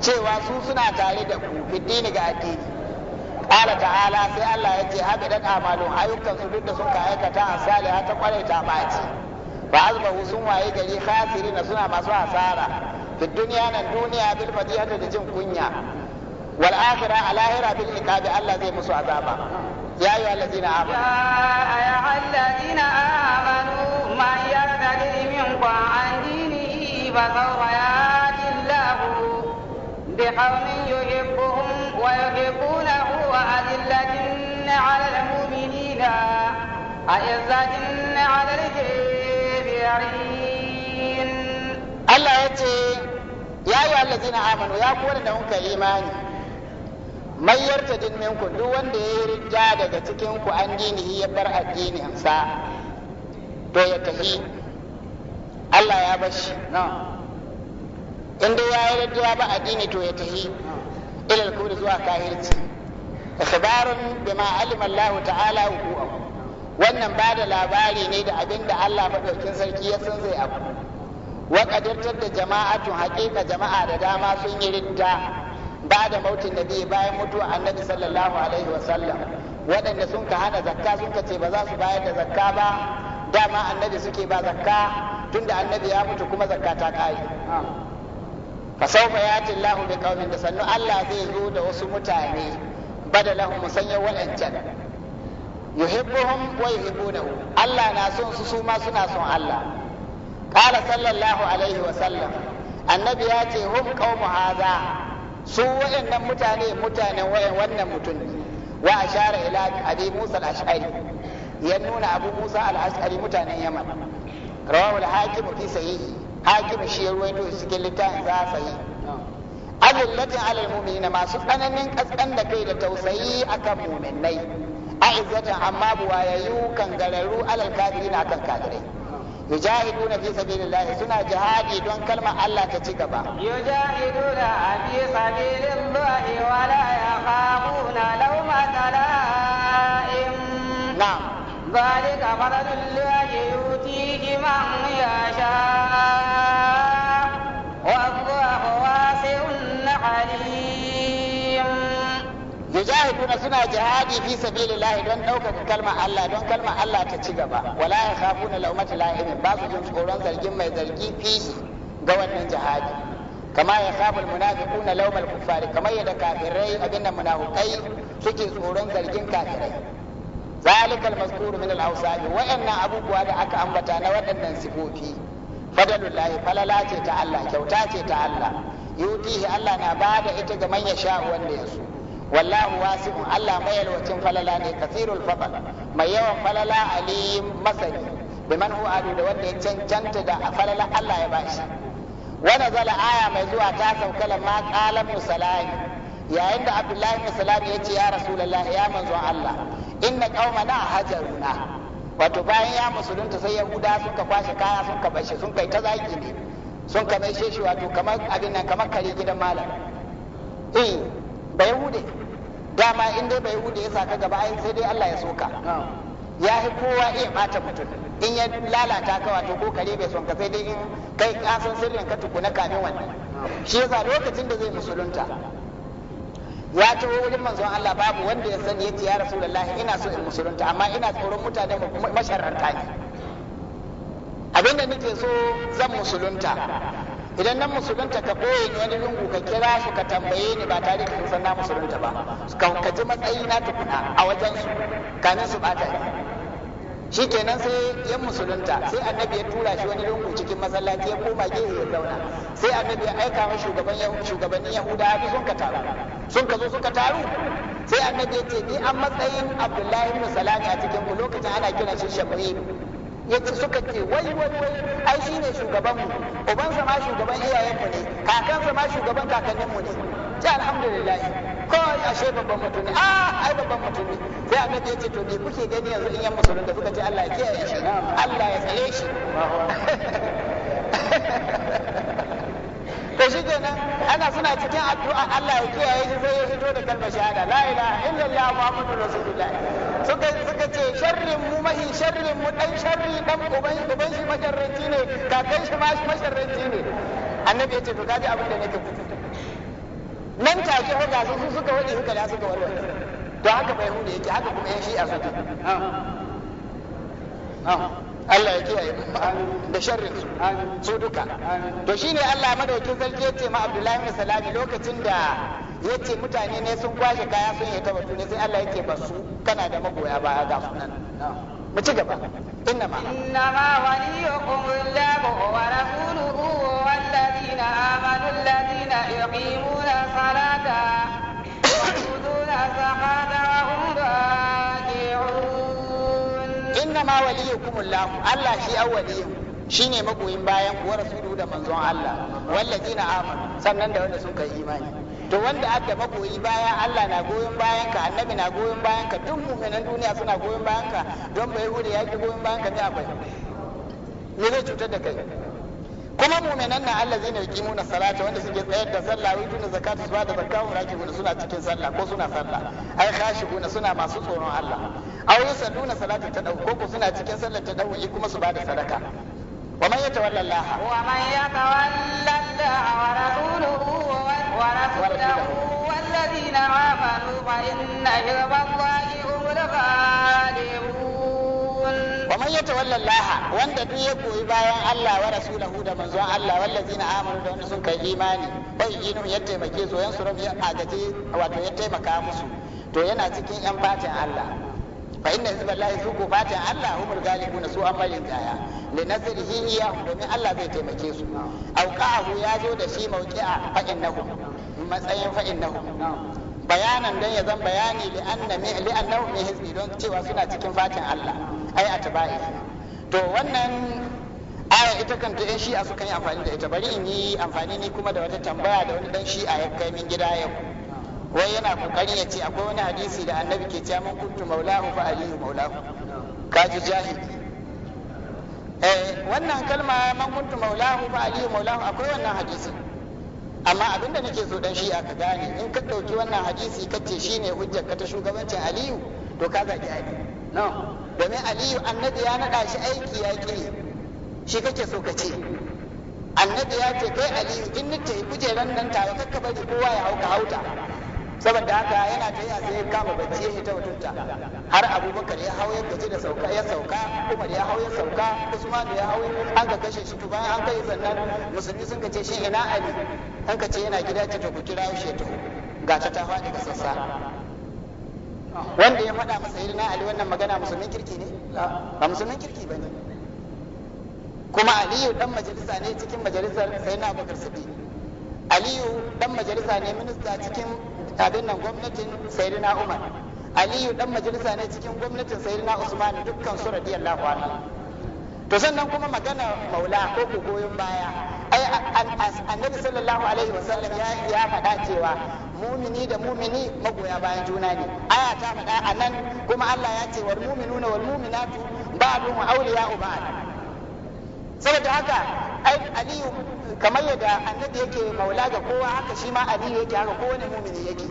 cewa su suna tare da ku fiddini ga addini ƙara ta'ala sai Allah ya ce haɗe da amalun ayyukan su duk da sun ka aikata a saliha ta kwarai ta ɓaci ba azbahu sun waye gari khasiri na suna masu hasara fi duniya nan duniya bil fadihata da jin kunya wal akhira a lahira bil iqabi Allah zai musu azaba ya ayyuhal ladina amanu
ya ayyuhal ladina amanu man minkum an dinihi fa sawfa بقوم يحبهم ويحبونه وأذلة على المؤمنين أعزة على الكافرين
الله يتي يا أيها الذين
آمنوا يا كون
دونك إيماني mai yartadin minku duk wanda ya rija daga cikin ku an dinihi ya bar addininsa to ya tafi Allah ya bashi na'am in dai yayi raddiya ba addini to ya tahi ila kubri zuwa kahirci ikhbarun bima alima Allah ta'ala hukuku wannan ba da labari ne da abinda Allah madaukin sarki ya san zai abu wa qadartar da jama'atu haqiqa jama'a da dama sun yi ridda ba da mautin nabi bayan mutuwa annabi sallallahu alaihi wasallam waɗanda sun ka hana zakka sun ka ce ba za su bayar da zakka ba dama annabi suke ba zakka tunda annabi ya mutu kuma zakka ta kai fa sawfa yati Allahu bi qaumin da sannu Allah zai zo da wasu mutane badalahum musanya walancan yuhibbuhum wa yuhibbunahu Allah na son su su ma suna son Allah qala sallallahu wa annabi ya ce hum su wayannan mutane mutanen wayan wannan mutum wa ashara ila abi Musa al-Ash'ari ya nuna Abu Musa al-Ash'ari mutanen Yaman rawahu al-Hakim fi sahihi hakim shi ya ruwaito su cikin littafin za su yi azillatin alal mu'minina masu tsananin kaskan da kai da tausayi akan mu'minai a izzatin amma buwa yayu kan gararu alal kafirin akan kafirai yujahiduna fi sabilillahi suna jihadi don kalmar Allah ta ci gaba yujahiduna fi
sabilillahi wa la yakhafuna lawmata la'im na'am ذلك فضل الله يؤتيه من يشاء mujahiduna suna jihadi fi sabilillah don
ɗaukaka kalmar Allah don kalmar Allah ta ci gaba wala yakhafuna lawmata la'imin ba su jin tsoron zargin mai zargi fi ga wannan jihadi kama ya khabul munafiquna lawmal kuffari kamar yadda kafirai abinda munafiqai suke tsoron zargin kafirai zalikal mazkuru min al-awsabi wa'annan abubuwa da aka ambata na waɗannan sifofi fadalullahi falala ce ta Allah kyauta ce ta Allah yutihi Allah na bada ita ga manyan yasha wanda ya wallahu wasi'un Allah mayalwacin falala ne kasirul fadl mai yawan falala alim masani biman huwa adu da wanda ya cancanta da falala Allah ya bashi wa zala aya mai zuwa ta sauka lamma qalam musalahi yayin da Abdullahi bin yace ya ce ya Rasulullah ya manzon Allah inna qaumana hajaruna wato bayan ya musulunta sai Yahuda suka kwashe kaya suka bashe sun kai ta zaki ne sun ka maishe shi wato kamar abin nan kamar kare gidan malam eh ba Yahude dama in dai bai da ya saka gaba ai sai dai Allah ya soka ya fi kowa iya bata mutum in ya lalata ka wato ko kare bai son ka sai dai in kai ka san sirrin ka tukuna kafin wannan shi yasa lokacin da zai musulunta ya taho wurin manzon Allah babu wanda ya sani yace ya Rasulullah ina so in musulunta amma ina tsoron mutane masharranta ne abinda nake so zan musulunta idan nan musulunta ka ɓoye ni wani lungu ka kira su ka tambaye ni ba tare da kusan san na musulunta ba ka ji matsayi na tukuna a wajen su kanin su bata ni kenan sai yan musulunta sai annabi ya tura shi wani lungu cikin masallaci ya koma gehe ya zauna sai annabi ya aika wa shugaban shugabannin yahudawa sun ka taru sun ka zo suka taru sai annabi ya ce ni an matsayin abdullahi ibn salami a cikin ku lokacin ana kiran shi shabrinu yace suka ce wai wai wai ai shine shugaban mu ubansa ma shugaban iyayen mu ne kakansa ma shugaban kakannin mu ne ta alhamdulillah kawai ashe babban mutum ne ah ai babban mutum ne sai annabi ya to me kuke gani yanzu in yan musulun da suka ce Allah ya kiyaye shi Allah ya tsare shi to shi kenan ana suna cikin addu'a Allah ya kiyaye shi sai ya fito da kalmar shahada la ilaha illallah muhammadur rasulullah suka suka ce sharrin mu mahi sharrin mu dan sharri dan uban uban shi masharranci ne kakan shi ma masharranci ne annabi ya ce to kaji abin da nake fito nan take ko gasu su suka wani suka la suka wallahi to haka bai hude yake haka kuma yan shi'a suke Allah ya kiyaye da sharrin su duka to shine Allah madaukakin sarki ya ce ma Abdullahi bin Salami lokacin da ya ce mutane ne sun kwashe kaya sun yi ta ne sai Allah yake basu kana da magoya ba ga sunan mu ci gaba
inna ma inna ma waliyukum Allahu wa rasuluhu والذين yuqimuna salata wa الصلاة zakata wa hum
inna ma waliyukum Allah Allah shi awwaliyin shine magoyin bayan kuwa rasuluhu da manzon Allah wallazina amanu sannan da wanda sun kai imani to wanda adda magoyi bayan Allah na goyon bayan ka annabi na goyon bayan ka duk mu'minan duniya suna goyon bayan ka don bai hure ya ki goyon bayan ka ne abai me zai cutar da kai kuma mu'minan na Allah zai narki muna salata wanda suke tsayar da sallah wai tuna zakatu su ba da zakka mu rake suna cikin sallah ko suna sallah ai khashibuna suna masu tsoron Allah aw yusalluna salata ta dau ko suna cikin sallar ta dau kuma su ba da sadaka wa man yatawalla Allah
wa man yatawalla Allah wa rasuluhu wa rasuluhu والذين آمنوا فإن حزب الله هم الغالبون
wa man yatawalla Allah wanda duk ya koyi bayan Allah wa rasulahu da manzon Allah wallazina amanu da wanda sun kai imani bai inu ya taimake su yan suram ya agaje wato ya taimaka musu to yana cikin yan fatin Allah fa inna hizballahi su fatin Allah humul galibuna su an bayin jaya li nazrihi domin Allah zai taimake su auqahu ya zo da shi mauqi'a fa innahu matsayin fa innahu bayanan dan ya zan bayani li anna mi li annahu hizbi don cewa suna cikin fatin Allah ai a ba'i to wannan aya ita kanta yan shi'a suka yi amfani da ita bari in yi amfani ni kuma da wata tambaya da wani dan shi'a ya kai min gida yau wai yana kokarin ya ce akwai wani hadisi da annabi ke cewa mun kuntu maulahu fa aliyu maulahu kaji jahili eh wannan kalma man kuntu maulahu fa aliyu maulahu akwai wannan hadisi amma abin da nake so dan shi'a ka gane in ka dauki wannan hadisi kace shine hujjar ka ta shugabancin aliyu to ka zaki ali no domin aliyu annabi ya naɗa shi aiki ya ƙi shi kake so ka ce annabi ya ce kai aliyu in nita yi kujeran nan tare kakka bari kowa ya hauka hauta saboda haka yana ta yi sai ya kama bacci ya ta mutunta har abubakar ya hau ya gaji da sauka ya sauka umar ya hau ya sauka usman ya hau an ka kashe shi bayan an kai sannan musulmi sun ka shi ina ali an ka ce yana gida ce ta ku kira shi ta ga ta ta faɗi ka sassa wanda ya faɗa masa irin ali wannan magana musulmin kirki ne ba musulmin kirki ba ne kuma aliyu dan majalisa ne cikin majalisar sai na abubakar sidi aliyu dan majalisa ne minista cikin abin nan gwamnatin sayyidina umar aliyu dan majalisa ne cikin gwamnatin sayyidina usman dukkan su radiyallahu anhu to sannan kuma magana maula ko goyon baya ai annabi sallallahu alaihi wasallam ya ya faɗa cewa mumini da mumini magoya bayan juna ne aya ta faɗa a nan kuma Allah ya ce wal mu'minuna wal mu'minatu ba'dhum awliya'u ba'd saboda haka ai aliyu kamar yadda annabi yake maula ga kowa haka shi ma aliyu yake haka kowane mumini yake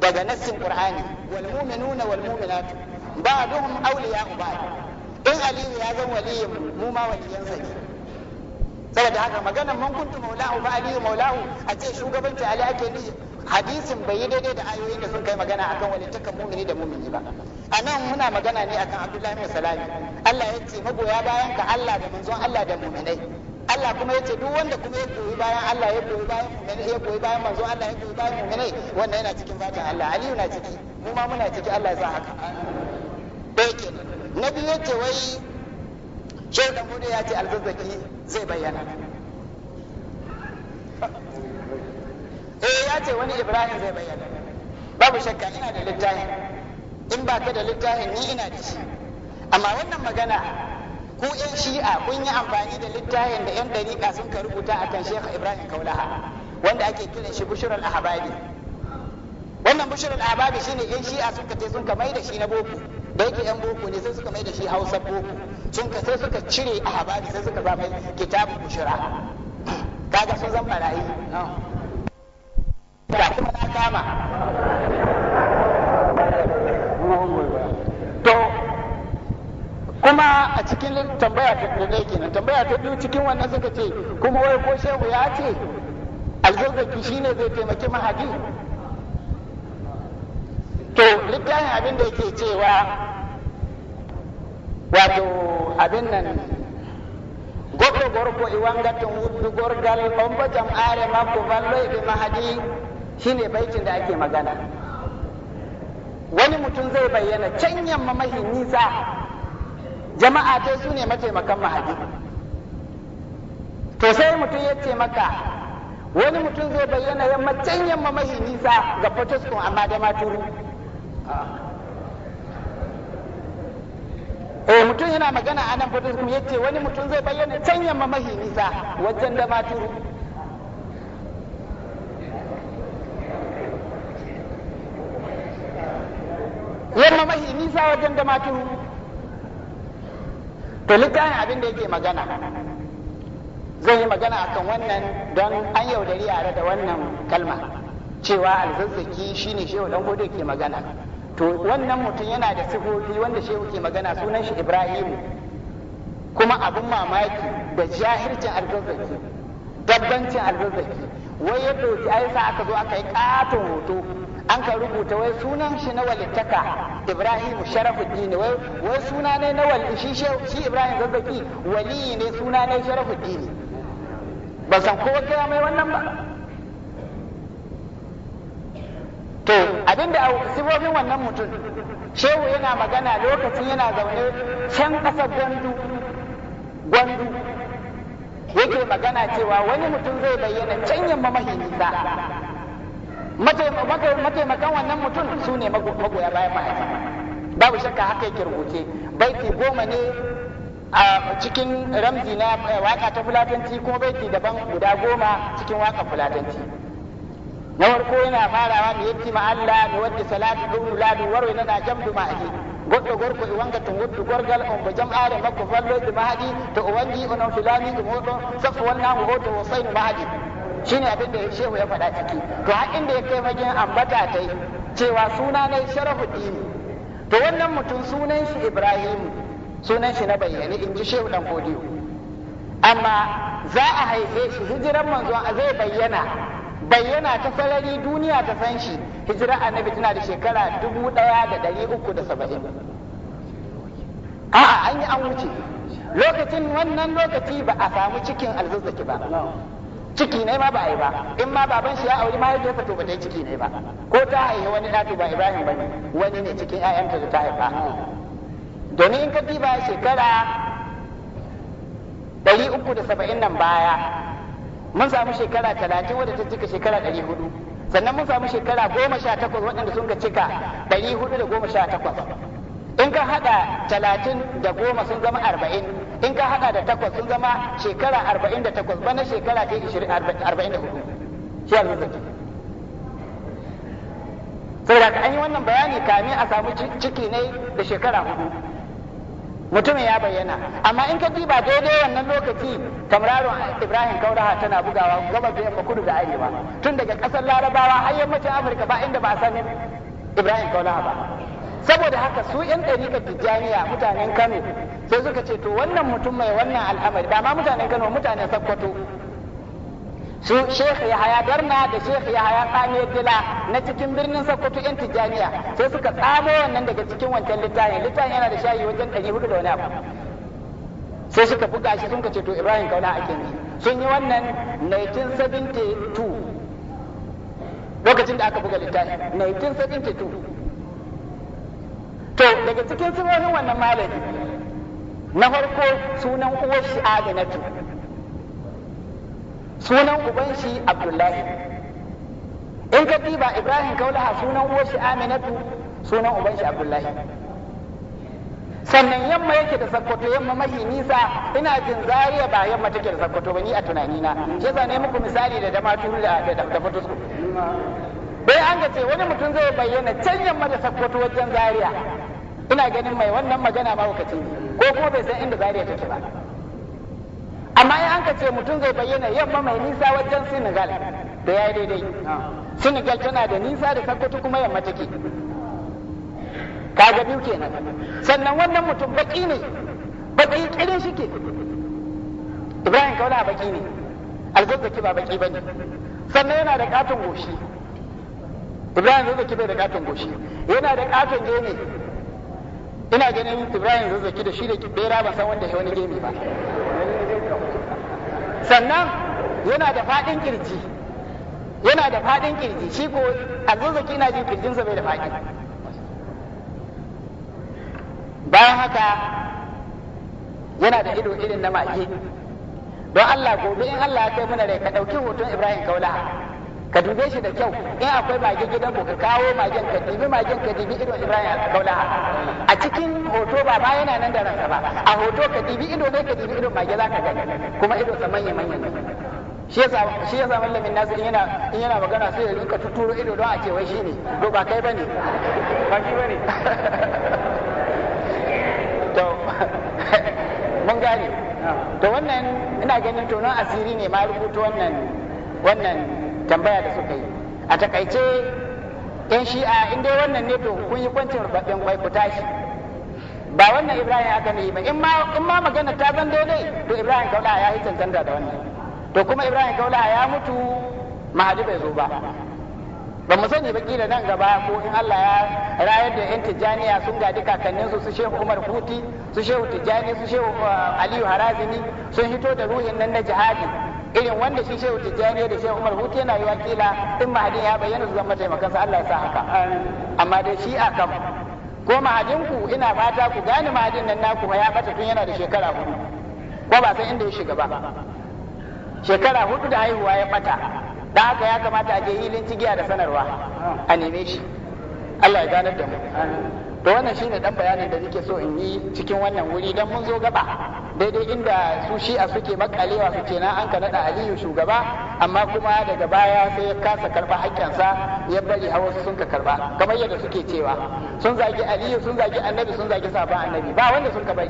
daga nassin qur'ani wal mu'minuna wal mu'minatu ba'dhum awliya'u ba'd in aliyu ya zama waliyin mu ma waliyansa ne saboda haka maganar man kuntu maulahu fa aliyu maulahu a ce shugabanci ali ake ni. hadisin bai yi daidai da ayoyin da sun kai magana akan walittakan mumini da mumini ba a nan muna magana ne akan abdullahi mai salami Allah ya ce magoya bayan ka Allah da manzon Allah da muminai Allah kuma ya ce duk wanda kuma ya goyi bayan Allah ya goyi bayan muminai ya goyi bayan manzon Allah ya goyi bayan muminai wannan yana cikin fatan Allah aliyu na ciki mu ma muna ciki Allah ya sa haka dai kenan na biyu ya ce wai shehu dan hudu ya ce alzazzaki zai bayyana eh ya ce wani ibrahim zai bayyana babu shakka ina da littafin in ba ka da littafin ni ina da shi amma wannan magana ku yan shi'a kun yi amfani da littafin da yan dariƙa sun ka rubuta akan shekha ibrahim kaulaha wanda ake kira shi bushirar ahbabi wannan bushirar ahbabi shine yan shi'a sun ka sun ka mai da shi na boko da yake yan boko ne sai suka mai da shi hausa boko sun ka sai suka cire a habari sai suka zama kitabun bushira kaga sun zan barayi ta kuma na kama to kuma a cikin tambaya ta ɗaya kenan tambaya ta biyu cikin wannan suka ce kuma wai ko shehu ya ce kishi ne zai taimaki mahadi to littafin abin da yake cewa wato abin nan goɗɗo gorko e wangatin wuddugorgal gorgal bo jam aare ballo valloyɓe mahadi shine baitin da ake magana wani mutum zai bayyana can yamma nisa jama'a dai su ne mataimakan mahadi to sai mutum ya ce maka wani mutum zai bayyana yamma can yamma nisa ga fataskun amma da maturu eh mutum yana magana a nan fadin ya ce wani mutum zai bayyana can yamma mahi nisa wajen da maturu yamma mahi nisa wajen da maturu to littafin abin da yake magana zan yi magana akan wannan don an yaudari yare da wannan kalma cewa alzazzaki shine shehu dan gode ke magana to wannan mutum yana da sifofi wanda shehu ke magana sunan shi ibrahimu kuma abin mamaki da jahircin alzazzaki dabbancin alzazzaki wai ya ɗauki aisa aka zo aka yi ƙaton hoto an ka rubuta wai sunan shi na walittaka ibrahim sharafuddin wai wai suna ne na wali shi shi ibrahim zazzaki wali ne suna ne sharafuddin ba san kowa kai mai wannan ba to abinda a sifofin wannan mutum shehu yana magana lokacin yana zaune can ƙasar gwandu gwandu yake magana cewa wani mutum zai bayyana can yamma mahi nisa mataimakan wannan mutum su ne magoya bayan mahaifi babu shakka haka yake rubuce baiti goma ne a cikin ramzi na eh, waka ta fulatanci kuma baiti daban guda goma cikin waka fulatanci na farko yana farawa da yatti ma Allah da wadda salatu dun ladu waro na da jamdu ma aje goddo gorko e wanga to goddo gorgal on bo jam are makko falloyde mahadi to wangi onon filani ɗum e hoɗo safu wannamo hoto o sayno mahadi shine abin da shehu ya faɗa ciki to har inda ya kai magin ambata tai cewa suna ne sharafuddin to wannan mutum sunan shi ibrahim sunan shi na bayyane in ji shehu dan godiyo amma za a haife shi hijiran a zai bayyana bayyana ta sarari duniya ta san shi hijira annabi tana da shekara dubu ɗaya da ɗari uku da saba'in a'a an yi an wuce lokacin wannan lokaci ba a samu cikin alzazzaki ba ciki ne ma ba a yi ba in ma baban shi ya auri mahaifiyarsa to ba ta yi ciki ne ba ko ta haihu wani ɗa ba ibrahim ba ne wani ne cikin 'ya'yanta da ta haifa domin in ka diba shekara ɗari uku da saba'in nan baya mun samu shekara talatin wadda ta cika shekara ɗari hudu sannan mun samu shekara goma sha takwas waɗanda sun ka cika ɗari hudu da goma sha takwas in ka haɗa talatin da goma sun zama arba'in in ka haɗa da takwas sun zama shekara arba'in da takwas bana shekara ta yi arba'in da hudu shi arziki saboda an yi wannan bayani kamin a samu ciki ne da shekara hudu mutumin ya bayyana amma in ka ji ba daidai wannan lokaci kamraron ibrahim kauraha tana bugawa gaba da yamma kudu da arewa tun daga kasar larabawa har yammacin afirka ba inda ba a sani ibrahim kauraha ba saboda haka su yan ɗarikar tijjaniya mutanen kano sai suka ce to wannan mutum mai wannan al'amari ba ma mutanen kano mutane sakkwato su Sheikh Yahaya Darna da Sheikh Yahaya Kame Dila na cikin birnin Sokoto yan Tijaniya sai suka tsamo wannan daga cikin wancan littafin littafin yana da shayi wajen ɗari hudu da wani abu sai suka buga shi sun ce to Ibrahim Kauna ake ni sun yi wannan 1972 lokacin da aka buga littafin 1972 to daga cikin sirrin wannan malami na farko sunan uwar shi tu. sunan uban shi abdullahi in ka diba ibrahim kaulaha sunan uwar shi aminatu sunan uban shi abdullahi sannan yamma yake da sakkwato yamma mahi nisa ina jin zariya ba yamma take da sakkwato ba ni a tunanina ya zane muku misali da dama turu da da fatusko bai an ga ce wani mutum zai bayyana can yamma da sakkwato wajen zariya ina ganin mai wannan magana ma wakacin ko kuma bai san inda zariya take ba amma ya an ce mutum zai bayyana yamma mai nisa wajen senegal da ya yi daidai senegal tana da nisa da sakkwato kuma yamma take kaga biyu kenan sannan wannan mutum baki ne baki kirin shi ke ibrahim kaula baki ne alzazzaki ba baki bane sannan yana da katon goshi ibrahim zazzaki bai da katon goshi yana da katon gemi ina ganin ibrahim zazzaki da shi da bera ba san wanda ya wani gemi ba sannan yana da faɗin kirji yana da faɗin kirji shi ko alzazzaki na jin kirjinsa bai da faɗi bayan haka yana da ido irin na maki don Allah gobe in Allah ya kai mana rai ka ɗauki hoton Ibrahim Kaulaha ka dube shi da kyau in akwai mage gidan ka kawo magen ka dubi magin ka dubi idon Ibrahim Kaula a cikin hoto ba ba yana nan da ransa ba a hoto ka dubi ido ne ka dibi idon mage zaka gani kuma ido sa manya manya shi yasa shi yasa mallamin nasu in yana in yana magana sai ya rinka tuturo ido don a ce wai shine to ba kai bane ba shi bane to mun gane to wannan ina ganin tonon asiri ne ma rubuta wannan wannan tambaya da suka yi a takaice yan shi'a in dai wannan ne to kun yi kwancin rubabben kwai ku tashi ba wannan ibrahim aka ne ba in ma magana ta zan daidai to ibrahim kaula ya yi cancanta da wannan to kuma ibrahim kaula ya mutu mahadi bai zo ba ba mu sani ba kila nan gaba ko in Allah ya rayar da yan tijjaniya sun gadi kakannin su su shehu Umar Kuti su shehu Tijjani su shehu uh, Aliyu Harazini sun hito da ruhin nan na jihadi irin wanda shi shehu tijjani da shehu umar hutu yana yi wakila in mahadin ya bayyana su mataimakan taimakansa Allah ya sa haka amma dai shi a kam ko mahadinku ina fata ku gane mahadin nan naku ya bata tun yana da shekara hudu ko ba san inda ya shiga ba shekara hudu da haihuwa ya bata da haka ya kamata a je hilin cigiya da sanarwa a neme shi Allah ya ganar da mu to wannan shine dan bayanin da nake so in yi cikin wannan wuri dan mun zo gaba daidai inda su a suke makalewa su ce na an ka nada aliyu shugaba amma kuma daga baya sai ya kasa karba haƙƙinsa ya bari hawa sun ka karba kamar yadda suke cewa sun zagi aliyu sun zagi annabi sun zagi sahaba annabi ba wanda sun ka bari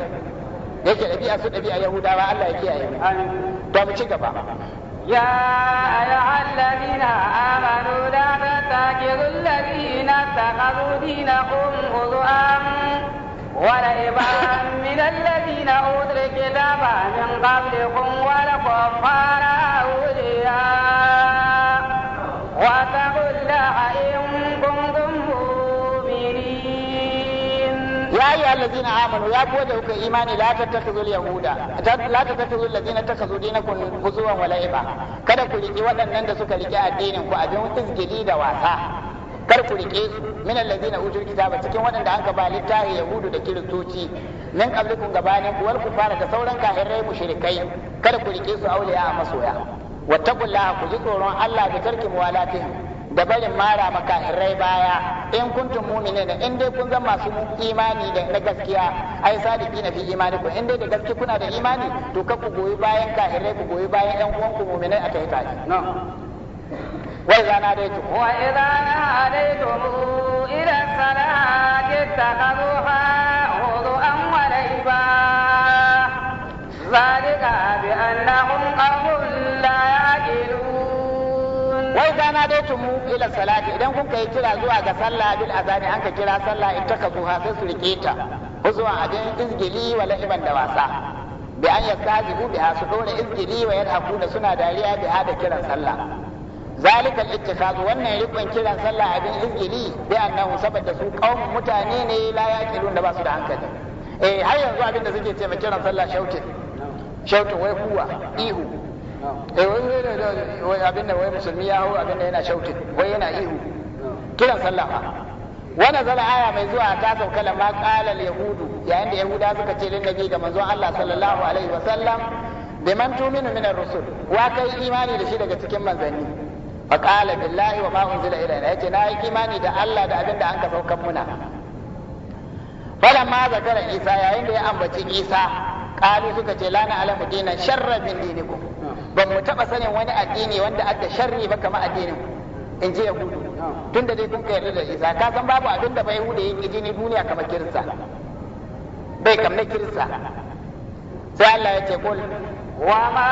yake ɗabi'a su ɗabi'a yahudawa Allah ya kiyaye to mu ci gaba
يا أيها الذين آمنوا لا تتخذوا الذين اتخذوا دينكم هزؤا ولعبا من الذين أوتوا الكتاب من قبلكم والكفار أولياء واتقوا الله إن ya
yi allazina amanu ya ku da kuka imani la tattakhuzul yahuda la tattakhuzul allazina takhazu dinakum kada ku riƙe waɗannan da suka riƙe addinin ku abin izgili da wasa kar ku rike su min allazina utul kitaba cikin waɗanda an ka ba littafi yahudu da kiristoci min qablikum gabanin ku wal kufara da sauran kafirai mushrikai kada ku rike su auliya a masoya wattaqullaha ku ji tsoron Allah da tarki muwalatihim da barin mara maka makahirai baya in kuntum mu'minina in dai kun zama masu imani da na gaskiya ai sadiki na fi imani ku in dai da gaskiya kuna da imani to ka ku goyi bayan ka kahirai ku goyi bayan ɗan uwan ku mu'minai a kai tare wa idza nadaytum wa
idza nadaytum ila salati takhuha an wa laiba zalika bi annahum qawmun la wai gana na dai tumu ila
salati idan kun kai kira zuwa ga sallah bil azani an ka kira sallah in ta kazuha sai su rike ta zuwa abin izgili wa la'iban da wasa bi an yastazibu ha su dora izgili wa da suna dariya bi biha da kiran sallah zalikal ittikhaz wannan rikon kiran sallah abin izgili bi annahu saboda su kaumun mutane ne la yaqilun da ba su da hankali eh har yanzu abin da suke ce kiran sallah shautin shautin wai kuwa ihu eh wai wai abin da wai ya hau abin da yana shautin wai yana ihu kiran sallah ma. Wani zala aya mai zuwa ta sauka da ma yahudu yayin da yahuda suka ce lin nabi ga manzo Allah sallallahu alaihi wa sallam bi man tuminu min ar-rusul wa kai imani da shi daga cikin manzanni fa qala billahi wa ma unzila ilayna yace na yi imani da Allah da abin da an ka saukan muna ma zakara isa yayin da ya ambaci isa qalu suka ce lana alamu dinan sharra dinikum ba mu taɓa sanin wani addini wanda adda sharri ba kama addinin in ji yahudu tun da dai kun ka yarda da isa ka san babu abin da bai yahudu yake jini duniya kama kirista bai kam na kirista sai Allah ya ce kul wa
ma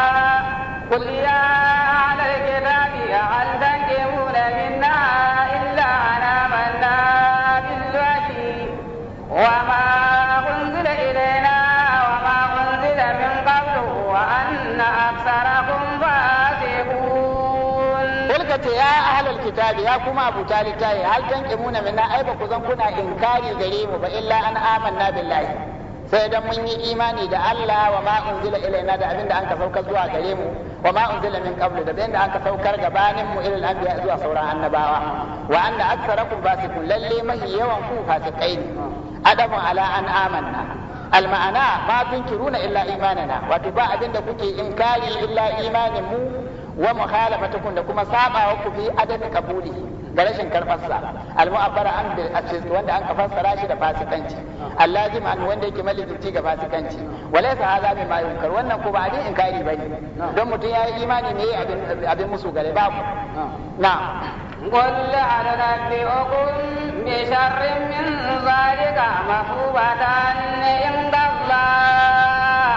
قل يا أهل الكتاب هل تنكرون منا إلا أن آمنا بالله وما أنزل إلينا وما أنزل من قبله وأن inna aktsarakum fasiqun
kul ka ce ya ahlul kitabi ya kuma abu talitai hal tanqimuna minna ai ba ku zan kuna inkari gare mu ba illa an amanna billahi sai dan mun yi imani da Allah wa ma unzila ilaina da abinda an ka saukar zuwa gare mu wa ma min qablu da bayan da aka saukar gabanin mu ilal anbiya zuwa sauran annabawa wa anna aktsarakum fasiqun lalle yawan ku fasikai ala an amanna alma'ana ma tunkiruna illa imanana wato ba abin da kuke inkari illa imanin mu wa mukhalafatukum da kuma sabawa ku fi adadin kabuli da rashin karfarsa almu'abbara an bil asist wanda an kafassara shi da fasikanci allazim an wanda yake malikinci ga fasikanci walaysa hadha bima yunkar wannan ko ba abin inkari bane don mutum ya yi imani ne abin abin musu gare babu
na'am قل أنبئكم بشر من ذلك مثوبة عند الله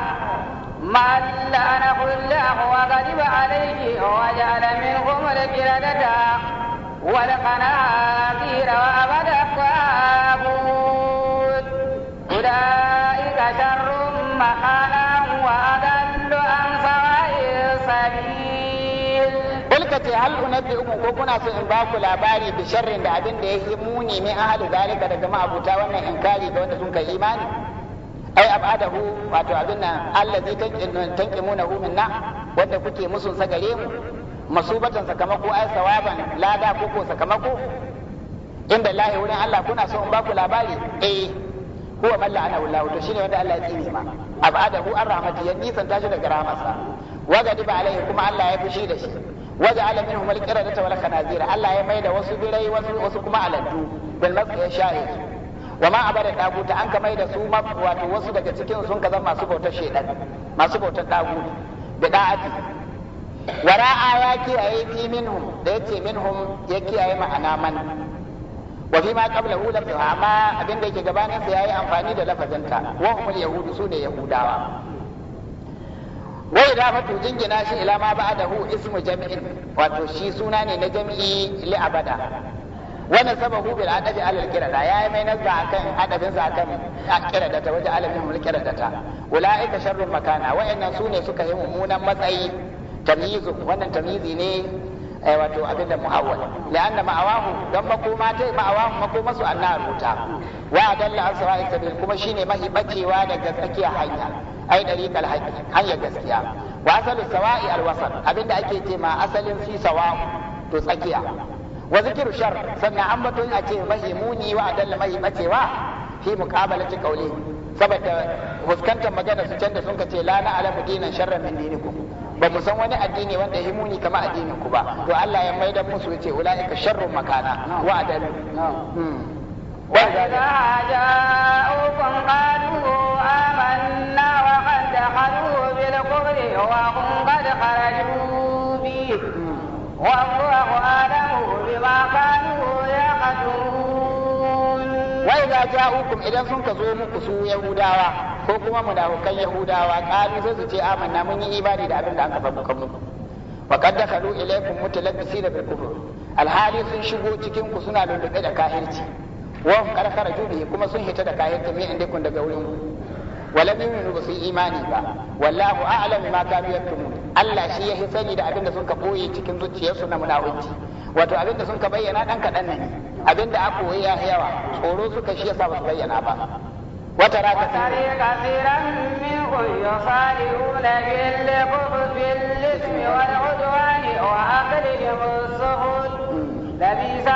من نقول له وغلب عليه وجعل منهم الكردة
والقناطير وأبد الطاغوت
أولئك شر
ce hal unabbi uku ko kuna so in baku labari bi sharrin da abin da yake muni ne ahli zalika daga ma'abuta wannan inkari ga wanda sun kai imani ai abadahu wato abin nan allazi tanqimuna hu minna wanda kuke musu sa gare mu masubatan sakamako ai sawaban lada ko ko sakamako inda lahi wurin Allah kuna so in ba ku labari eh huwa man la'ana wallahu to shine wanda Allah ya tsine ma abadahu ar-rahmati ya nisanta shi daga rahmarsa wa gadiba alaihi kuma Allah ya fushi da shi waj'al minhum al-qiradata wal khanazir Allah ya maida wasu birai wasu kuma aladdu bal ya sha'i wa ma abara dabuta an ka maida su ma wato wasu daga cikin sun ka masu bautar shedan masu bautar dabu da da'ati wa ya kiyaye fi da yace minhum ya kiyaye ma'ana man wa fi ma qabla hu lam yuhama abinda yake gabanin ya yi amfani da lafazin ta wa humul yahudu su ne yahudawa wai da fatu jingina shi ila ma ba da hu ismu jami'in wato shi suna ne na jami'i li abada wannan sababu bil adabi alal qirada yayi mai nazza akan adabin sa akan qirada ta waje alamin mul qirada ta ulaika sharrun makana wa'annan sune suka yi mummunan matsayi tamyizu wannan tamyizi ne ai eh, wato abin da mu'awwal la'anna ma'awahu dan makoma tai ma'awahu makoma su annar wuta wa adalla an sawa'i sabil kuma shine mahi bacewa daga tsakiyar hanya ai dariqal haqqi hanyar gaskiya wa asalu sawa'i alwasal abinda ake ce ma asalin fi sawa'u to tsakiya wa zikru shar sannan an batun a ce mahimuni wa adalla mahimacewa fi muqabalati qawli saboda fuskantar magana su canza sun ce la na'lamu dinan sharran min dinikum ba mu san wani addini wanda ya muni kamar addinin ku ba to Allah ya maida musu yace ulaika sharrun makana wa adallu
hmm. wa idza qalu دخلوا بالكفر وهم قد خرجوا به والله أعلم بما كانوا يقتلون وإذا جاءوكم إذا سنك زومك
يهوداوا ko kuma munafukan yahudawa kalu sai su ce amanna mun yi ibadi da abin da aka faɗa kan muku wa qad dakhalu ilaykum mutalabbisina bil kufr alhali sun shigo cikin ku suna lulluɓe da kahirci wa qad kharaju bihi kuma sun hita da kahirci mai inda kun daga wurin mu. walam yu'minu ba su imani ba wallahu a'lamu ma kanu yaktumun Allah shi ya sani da abin da sun ka boye cikin zuciyarsu na munafici wato abin da sun ka bayyana dan kaɗan ne abin da aka koyi ya yawa tsoro suka shi ba su bayyana ba wata
ra ka tare kasiran min yusari'una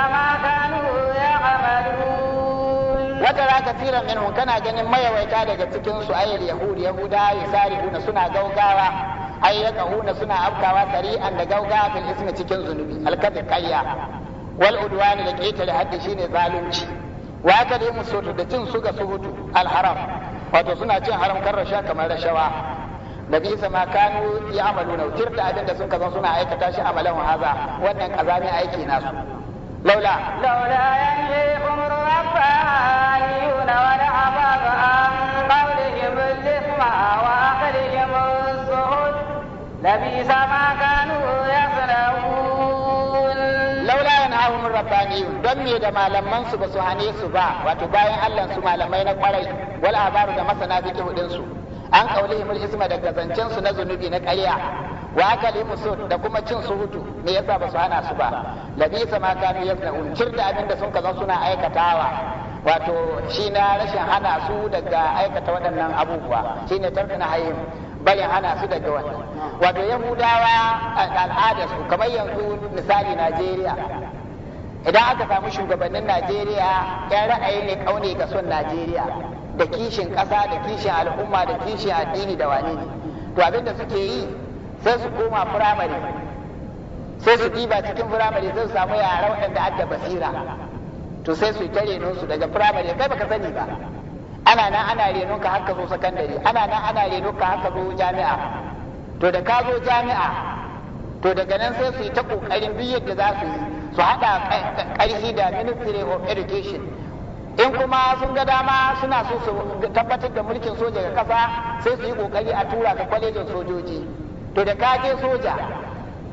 wa ma
wata ra kasiran minhum kana ganin mayawaita daga cikin su ayyul yahud yahuda yasarihuna suna gaugawa ay yaqahuna suna afkawa sari'an da gaugawa fil ismi cikin zunubi alkadib qayya wal udwan da ketare haddi shine zalunci wa ka dai musutu da cin suga ga alharam wato suna cin haram kar rasha kamar rashawa da bisa ma kanu ya amalu na tirta abin da sun kazan suna aikata shi amalan haza wannan kazami aiki nasu لولا
لولا ينهيكم الربانيون والأحباب عن قولهم لبئس ما كانوا يصنعون لولا ينهاهم
الربانيون دم يد su basu hane su ba wato bayan Allah su malamai na kwarai wal abaru da masana fiqh din su an kaulihim al isma daga zancen su na zunubi na ƙarya wa Musul da kuma cin su hutu me yasa ba su hana su ba labisa ma kanu yasnaun cir da abin da sun kaza suna aikatawa wato shi na rashin hana su daga aikata waɗannan abubuwa shi shine na hayin bari hana su daga wannan wato yahudawa al'ada su kamar yanzu misali najeriya idan aka samu shugabannin najeriya yan ra'ayi ne kaune ga son najeriya da kishin ƙasa da kishin al'umma da kishin addini da wane to abin da suke yi sai su koma firamare sai su ɗiba cikin firamare sai su samu yara waɗanda adda basira to sai su ta renon su daga firamare kai baka sani ba ana nan ana renon ka haka zo sakandare ana nan ana renon ka haka zo jami'a to da ka zo jami'a to daga nan sai su yi ta kokarin duk yadda za su yi su haɗa ƙarfi da ministry of education in kuma sun ga dama suna so su tabbatar da mulkin soja ga ƙasa sai su yi ƙoƙari a tura ka kwalejin sojoji to da ka je soja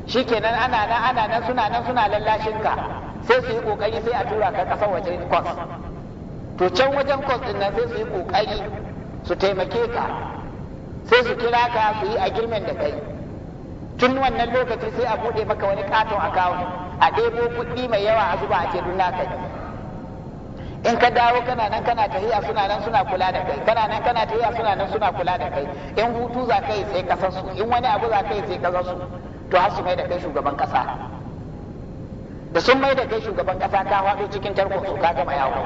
shi ana nan ana nan suna nan suna lallashin ka sai su yi kokari sai a tura ka kasar waje kwas to can wajen kwas din nan sai su yi kokari su taimake ka sai su kira ka su yi a girmen da kai tun wannan lokaci sai a bude maka wani katon akawun a ɗebo kuɗi mai yawa a zuba a ce dun kai in ka dawo kana nan kana tahiya suna nan suna kula da kai kana nan kana tahiya suna nan suna kula da kai in hutu za ka yi sai kasar su in wani abu za ka yi sai kasar su to har su mai da kai shugaban kasa da sun mai da kai shugaban kasa ka faɗo cikin tarkon su ka gama yawo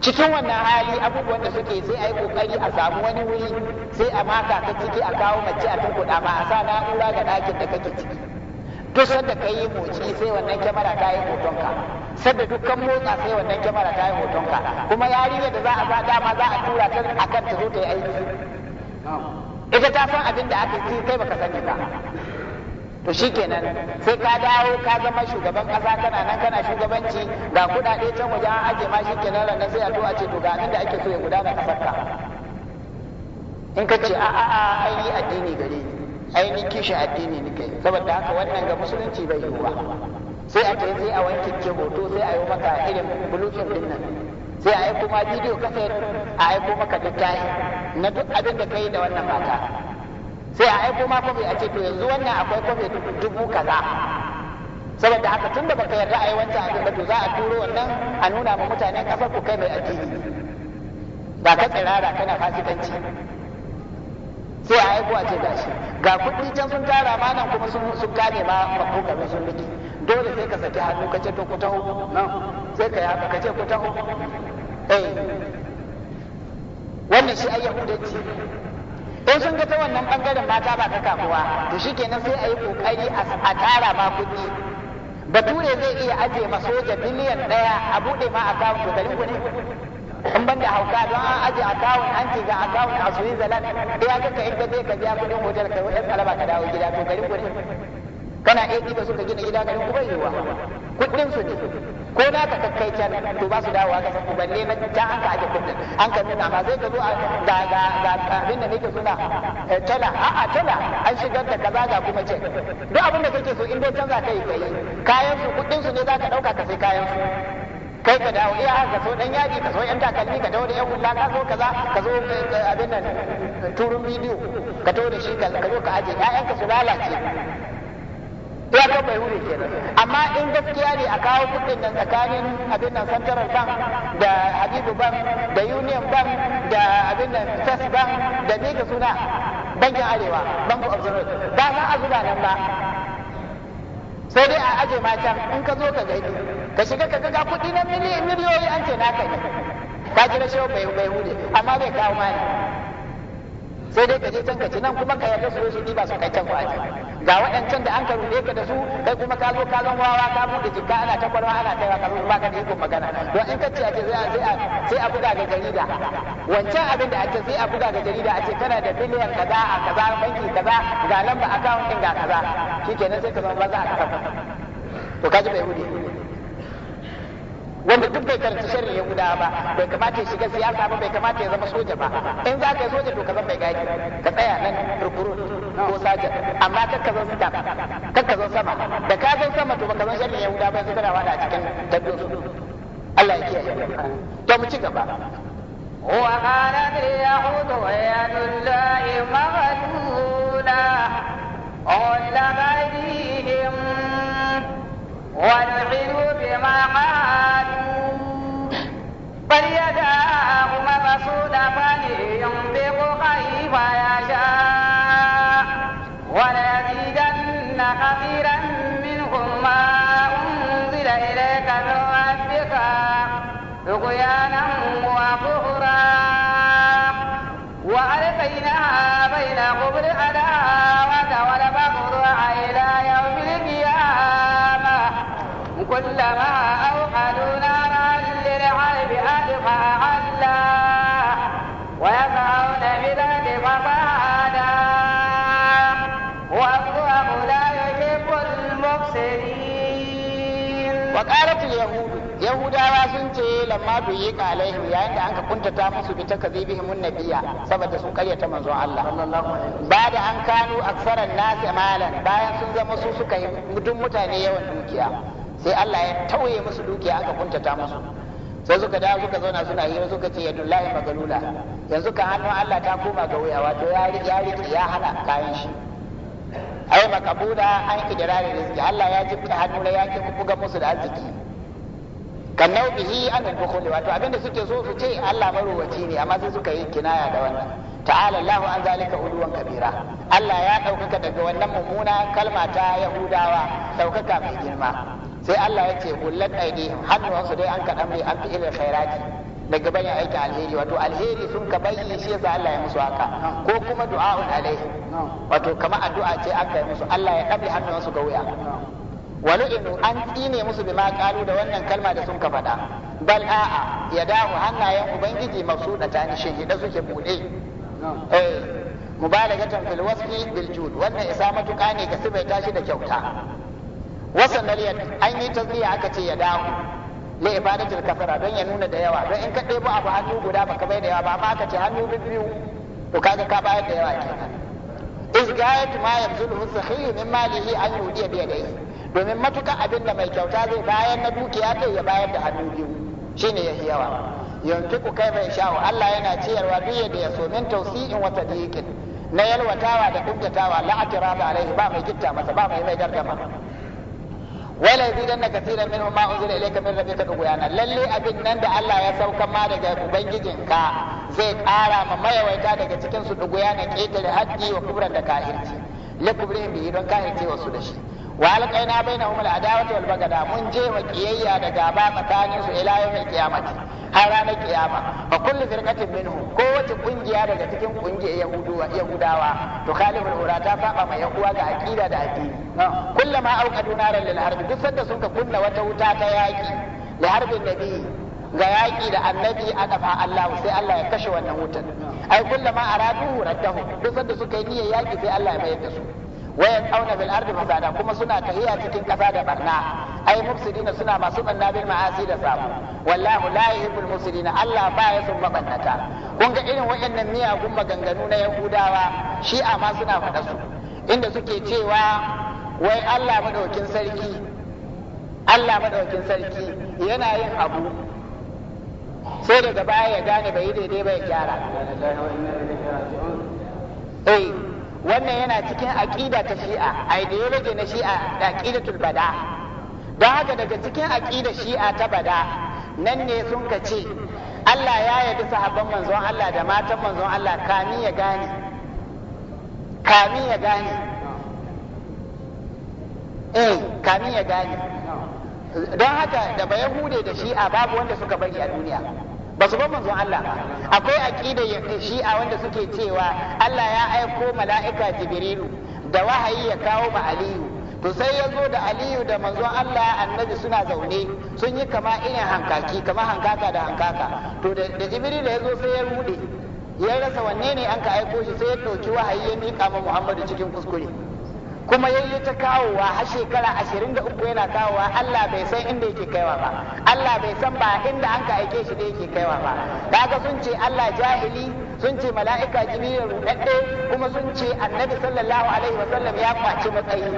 cikin wannan hali abubuwan da suke sai a yi kokari a samu wani wuri sai a maka ka ciki a kawo mace a tunkuɗa ma a sa na'ura ga ɗakin da kake ciki duk sanda ka yi motsi sai wannan kyamara ta yi hotonka sanda dukkan motsa sai wannan kyamara ta yi hotonka kuma yarinya da za a sa dama za a tura ta kan ta zo ta yi aiki ita ta san abin da aka yi kai baka sani ba to shikenan sai ka dawo ka zama shugaban kasa kana nan kana shugabanci ga kudade can waje an aje ma shikenan ranar sai a zo a ce to ga abin da ake so ya gudana kasar ka in ka ce a a a ai addini gare ni ainihin kishi addini nake saboda haka wannan ga musulunci bai yiwu ba sai a tafi a wanke hoto sai a yi maka irin bulukin din nan sai a yi kuma bidiyo kaset a yi kuma ka littafi na duk abin da kai da wannan mata sai a yi kuma kofi a ce to yanzu wannan akwai kofi dubu kaza saboda haka tun da baka yarda a yi wancan abin ba to za a turo wannan a nuna ma mutanen kasar ku kai mai addini ba ka tsirara kana fasikanci sai a aiko a ce gashi ga kuɗi can sun tara ma nan kuma sun gane ma makogarin sun miki dole sai ka saki hannu ka ce to ku taho sai ka yaka ka ce ku taho eh wannan shi ai yahudanci in sun ga ta wannan bangaren mata ba ka kafuwa. to shikenan sai a yi kokari a tara ma kuɗi bature zai iya ajiye ma soja miliyan ɗaya a buɗe ma akawun kawo garin ku ne in ban da hauka don an aje kawun an ci ga akawun a da ya kaka inda zai ka biya kudin hotel ka yi salama ka dawo gida to garin kudin kana iya gida suka gina gida garin ku bai yiwa kudin su ne ko na ka kakkai can to ba su dawowa ka san balle na can an ka aje kudin an ka nuna amma zai ka zo ga ga ga abin da nake suna eh, tala a a an shigar da kaza ga kuma ce duk abin da kake so in dai canza kai kai kayan su kudin su ne za ka dauka ka sai kayan su kai ka dawo iya ka so dan yadi ka so yan takalmi ka dawo da yan wulla ka so kaza ka zo eh, abin nan turun bidiyo ka tawo da shi ka zo ka aje ƴaƴan ka su lalace ya ka bai wuri kenan amma in gaskiya ne a kawo kudin nan tsakanin abin nan central bank da habibu bank da union bank da abin nan first bank da ne ka suna bankin arewa bank of zenith ba za a zuba nan ba sai dai a aje ma can in ka zo ka gani ka shiga ka ga kuɗi na miliyoyi an ce naka ne ka ji rashin bai bai hude amma bai kawo mani sai dai ka je can ka ci nan kuma ka yarda su su ɗiba su kai can kwaji ga waɗancan da an ka ruɗe ka da su kai kuma ka zo ka zan wawa ka buɗe jikka ana ta kwalwa ana kaiwa ka ba ka da ikon magana don in ka ce ce sai a buga ga jarida wancan abin da ake sai a buga ga jarida a ce kana da biliyan kaza a kaza banki kaza ga lamba akawun ɗin ga kaza shikenan sai ka zama ba za a kafa to ka ji bai hude wanda duk bai karanci sharri ya guda ba bai kamata ya shiga siyasa ba bai kamata ya zama soja ba in za ka yi soja to ka zama mai gadi ka tsaya nan rukurun ko saja amma kakka zan sita kakka zan sama da ka zan sama to baka zan sharri ya guda ba sai kana da cikin tabbiyar su Allah ya kiyaye to mu ci gaba
وقالت اليهود يد الله مغلولة غلت أيديهم ونحيط بما قالوا بل يداه مبسوطتان ينفق كيف يشاء وليزيدن كثيرا منهم ما أنزل إليك من ربك طغيانا وكفرا وألقينا بين قبر العداوة والبغضاء إلى كلما أوقدوا نارا الله والله لا يحب المفسدين وقالت
اليهود yahudawa sun ce lamma duyi alaihim yayin da anka kuntata musu bi takazibihim annabiya saboda sun karyata manzon Allah ba da an kanu aksaran nasi malan bayan sun zama su suka yi duk mutane yawan dukiya sai Allah ya tauye musu dukiya aka kuntata musu sai suka dawo suka zauna suna hira suka ce yadullahi magalula yanzu ka hannu Allah ta koma ga wuya wato ya riƙe ya hana kayan shi ai makabuda an kidirari rizki Allah ya jibta hannu na yake buga musu da arziki kan naubihi an dukhuli wato abinda suke so su ce Allah marwaci ne amma sai suka yi kinaya da wannan ta'ala Allahu an zalika uluwan kabira Allah ya ɗaukaka daga wannan mummuna kalma ta Yahudawa ɗaukaka mai girma sai Allah ya ce kullat aidihim hannuwansu dai an kaɗan mai an fi'il khairati daga bayan aiki alheri wato alheri sun ka bayyana shi yasa Allah ya musu haka ko kuma du'a'un alai wato kamar addu'a ce aka yi musu Allah ya ɗabi hannuwansu ga wuya wani inu an tsine musu bi kalu da wannan kalma da sun ka faɗa bal a'a ya dahu hannayen ubangiji masu da ni shin da suke buɗe eh mubalagatan fil wasfi bil jud wannan isa matuƙa ne ka sibaita shi da kyauta wasan an yi tasbiya aka ce ya dawo. li ibadatil kafara don ya nuna da yawa don in ka ɗebo abu hannu guda baka bai da yawa ba amma aka ce hannu biyu to kaga ka bayar da yawa kenan izgayat ma yabzulu sahihu min malihi an yudiya da yadayhi domin matuka abin da mai kyauta zai bayar na dukiya kai ya bayar da hannu biyu shine yahi yawa yanzu ku kai bai sha'u Allah yana ciyarwa duk da ya so min in wa tadiqin na yalwatawa da kuntatawa la'atira ba alaihi ba mai gitta masa ba mai mai gargama wala yazidanna kaseeran minhum ma unzila ilayka min rabbika tughyanan lalle abin nan da Allah ya sauka ma daga ubangijinka zai ƙara ma mayawaita daga cikin su duguya na ƙetare haddi wa kubran da kahirci la kubrin bi don kahirce wasu da shi wa alqaina bainahum al'adawata wal bagada mun je wa kiyayya da gaba tsakanin su ila kiyama qiyamati har ranar kiyama fa kullu firqatin minhum kowace kungiya daga cikin kungiyar yahudawa gudawa to khaliful urata saba mai yahuwa ga aqida da addini kullama auqadu naran lil harbi duk sanda sun ka kunna wata wuta ta yaƙi, li harbin nabi ga yaƙi da annabi a dafa Allah sai Allah ya kashe wannan wutan. ai a aradu raddahu duk sanda suka yi niyyar yaƙi sai Allah ya mayar da su wayan auna bil ardi fasada kuma suna tahiya cikin kasa da barna ai mufsidina suna masu banna bil ma'asi da samu wallahu la yuhibbul mufsidina Allah ba ya son mabannata kun ga irin wayannan miyagun maganganu na yahudawa shi'a ma suna faɗa su inda suke cewa wai Allah madaukin sarki Allah madaukin sarki yana yin abu sai daga baya ya gane bai daidai ba ya gyara eh. wannan yana cikin aƙida ta shi'a ideology na shi'a da aqidatul bada don haka daga cikin aƙida shi'a ta bada nan ne sun ka ce Allah ya yabi sahabban manzon Allah da matan manzon Allah kami ya gane kami ya gane eh kami ya gane don haka da ba yahude da shi'a babu wanda suka bari a duniya ba su ba zuwa Allah akwai aqida shi'a wanda suke cewa Allah ya aiko mala'ika Jibrilu da wahayi ya kawo ma Aliyu to sai ya zo da Aliyu da manzon Allah annabi suna zaune sun yi kama irin hankaki kama hankaka da hankaka to da Jibrilu ya zo sai ya rude ya rasa wanne ne an ka aiko shi sai ya ɗauki wahayi ya miƙa ma Muhammadu cikin kuskure kuma ya yi ta kawowa har shekara ashirin da uku yana kawowa Allah bai san inda yake kaiwa ba Allah bai san ba inda an ka aike shi da yake kaiwa ba kaga sun ce Allah jahili sun ce mala'ika jibril rudadde kuma sun ce annabi sallallahu alaihi wasallam ya kwaci matsayi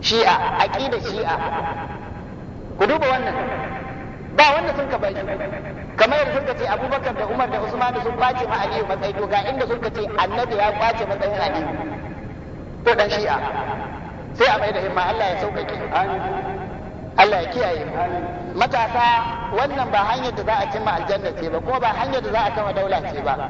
shi'a aqida shi'a ku duba wannan ba wanda sun ka bai kamar yadda suka ce abubakar da umar da usman sun kwace ma aliyu matsayi to ga inda suka ce annabi ya kwace matsayin aliyu ko dan shi'a sai a mai da himma Allah ya sauƙaƙe Allah ya kiyaye matasa wannan ba hanyar da za a cimma aljanna ce ba kuma ba hanyar da za a kama daula ce ba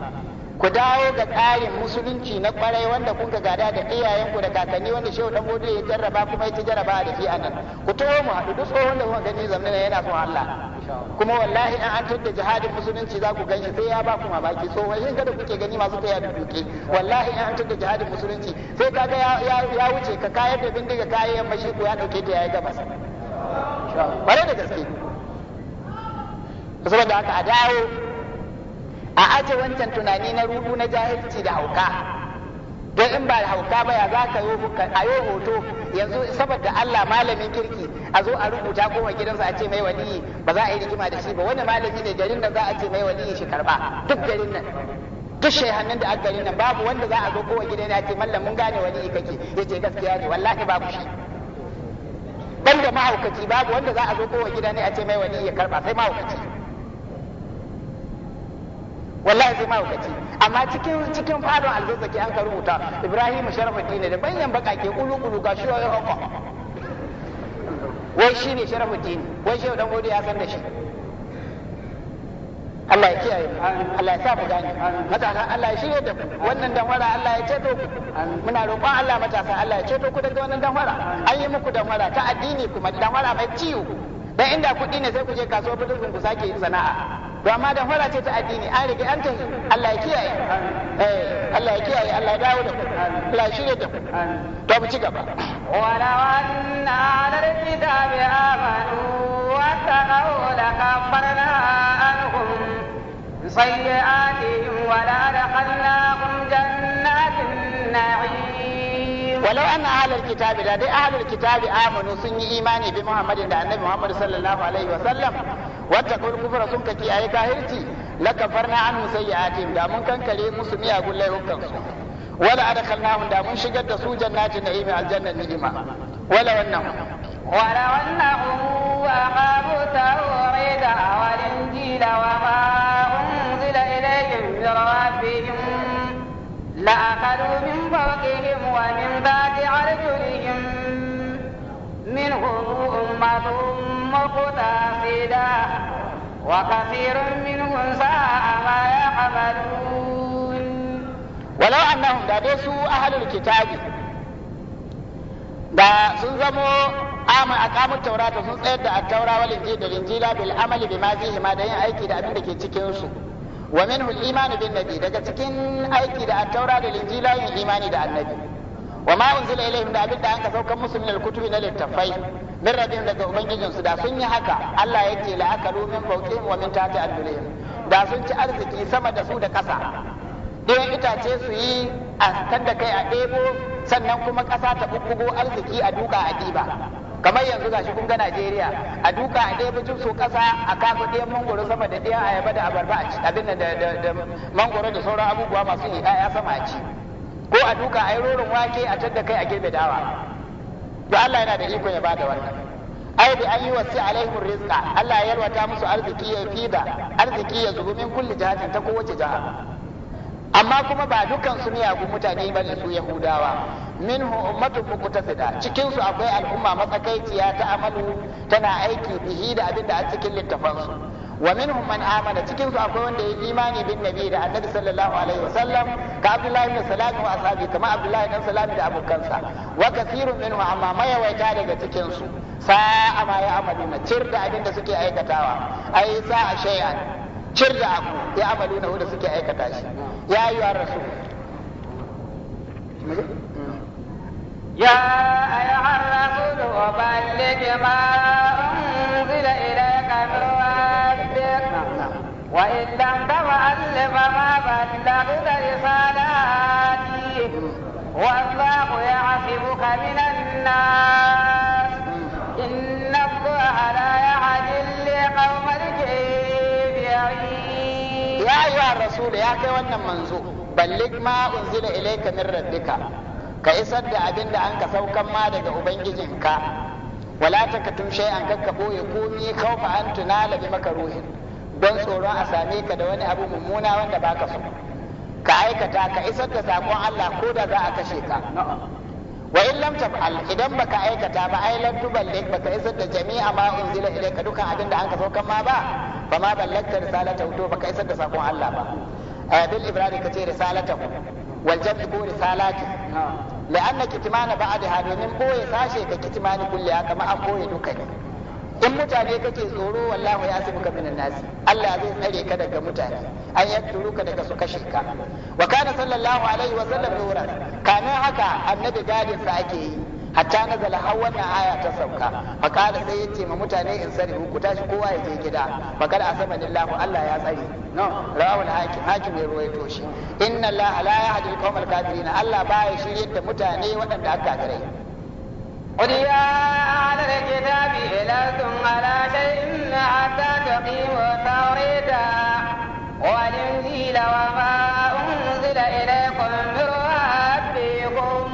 ku dawo ga tsarin musulunci na kwarai wanda kun ga gada da iyayenku da kakanni wanda shehu dan bodo ya jarraba kuma ya ci jarraba da shi anan ku tawo mu haɗu duk tsohon da kuka gani zamanin yana son Allah kuma wallahi in an da jihadin musulunci za ku ganye sai ya ba kuma mamaki tsohon kada kuke gani masu taya da duke wallahi in an da jihadin musulunci sai kaga ya wuce ka kayar da bindiga kayan mashi ko ya dauke ta yayi gabas bare da gaske saboda haka a dawo a aje wancan tunani na rudu na jahilci da hauka don in ba hauka ba ya za ka yi a yi hoto yanzu saboda Allah malamin kirki a zo a rubuta koma gidansa a ce mai waliyi ba za a yi rigima da shi ba wani malami ne garin da za a ce mai waliyi shi karba duk garin nan duk shehannin da a garin nan babu wanda za a zo kowa gidan ya ce mallam mun gane waliyi kake ya ce gaskiya ne wallahi babu shi da mahaukaci babu wanda za a zo kowa gida ne a ce mai waliyi ya karba sai mahaukaci wallahi sai mahaukaci amma cikin cikin falon alzazzaki an ka rubuta ibrahim sharafuddin da bayan bakake kulu kulu ga shi wai haka wai shi ne sharafuddin wai shi dan gode ya san da shi Allah ya kiyaye mu Allah ya sa mu gane matasa Allah ya shirye da ku wannan damara Allah ya ceto ku muna roƙon Allah matasa Allah ya ceto ku daga wannan damara an yi muku damara ta addini kuma damara mai ciwo bai inda kuɗi ne sai ku je kasuwar fitilkun ku sake yin sana'a to amma dan fara ce ta addini an rike an tafi Allah ya kiyaye eh Allah ya kiyaye Allah ya dawo da ku Allah shirye da ku to mu ci gaba
wala wanna alal kitabi amanu wa taqaw la kafarna anhum sayyi'atihim wa la dakhalnahum jannatin na'im
walau anna ahlul kitabi da dai ahlul kitabi amanu sun yi imani bi muhammadin da annabi muhammad sallallahu alaihi wa sallam wata kul kufra sun kaki ayi kahirci lakafarna anhu sayyi'atihim da mun kankare musu miyagun laifukan su wala adkhalnahum da mun shigar da su jannatin na'imi aljannan ni'ima wala wannan
wala annahum aqamu tawrida wal injila wa لأكلوا من فوقهم ومن بعد أرجلهم منهم أمة مقتصدة
وكثير منهم
ساء ما يعملون
ولو أنهم لبسوا أهل الكتاب da sun zamo amma a kamun taurata sun tsayar da attaura wal da bil amali ma fihi ma da yin aiki da abin da ke cikin su wa minhu al-iman bin nabi daga cikin aiki da at-taura da injila yin imani da annabi wa ma unzila ilayhim da abinda an ka saukan musu min al-kutubi na littafai min rabbihim daga ubangijin su da sun yi haka Allah yake la akalu min fawqihim wa min tahti arjulihim da sun ci arziki sama da su da kasa. ɗayan itace su yi a da kai a ɗebo sannan kuma kasa ta bubbugo arziki a duka a diba. kamar yanzu gashi kun ga Najeriya a duka a ɗaya bijin so ƙasa a kafa ɗayan mangoro sama da ɗayan ayaba da abarba a ci abin da da mangoro da sauran abubuwa masu yi ya sama a ci ko a duka a yi rorin wake a tadda kai a girbe dawa to Allah yana da iko ya bada wannan ai bi an yi wasi alaihim rizqa Allah ya yalwata musu arziki ya fida arziki ya zubu min kulli jahatin ta kowace jiha amma kuma ba dukan su miyagun mutane ba su yahudawa minhu ummatun muqtasida cikin su akwai al'umma matsakaiciya ta amalu tana aiki bihi da abin da a cikin littafan su wa minhum man amana cikin su akwai wanda yayi imani bin nabi da annabi sallallahu alaihi wasallam ka abdullahi bin salam wa ashabi kama abdullahi bin salam da abokansa wa kathirun minhu amma mayawaita daga cikin su sa'a ma ya amaluna cir da abin da suke aikatawa ai sa'a shay'an cir da abu ya amaluna wanda suke aikata shi يا أيها الرسول
يا أيها الرسول وبلغ ما أنزل إليك من ربك وإن لم تفعل فما بلغت رسالاتي والله يعصمك من الناس ya
ayyuha da ya kai wannan manzo ballig ma unzila ilayka min rabbika ka isar da abin da an ka saukan ma daga ubangijinka wala takatum shay'an kakka boye komi kaufa an tunala bi makaruhin don tsoron a same ka da wani abu mummuna wanda baka so ka aikata ka isar da sakon Allah ko da za a kashe ka wa in lam taf'al idan baka aikata ba ai lan tuballik baka isar da jami'a ma unzila ilayka dukan abin da an ka saukan ma ba fa ma ballagta risalata to baka isar da sakon Allah ba eh, bil ibrari kace risalata wal jam'i ko risalati la'anna kitmana ba'daha domin boye sashe ka kitmani kulliya kama an boye duka ne in mutane kake tsoro wallahu ya asibuka minan nasi Allah zai tsare ka daga mutane an yakturu ka daga su kashe ka wa kana sallallahu alaihi wa sallam nuran kana haka annabi gadin sa ake yi hatta nazala har wannan aya ta sauka fa kana sai yace ma mutane in sani ku tashi kowa ya je gida fa kada asabanillahu Allah ya tsare no rawul hakim hakim ya ruwaito shi inna Allah la yahdi al-qawmal kafirin Allah baya shiryar da mutane waɗanda aka gare
قل يا أهل الكتاب لستم على شيء حتى تقيموا التوريد والإنجيل وما أنزل إليكم من ربكم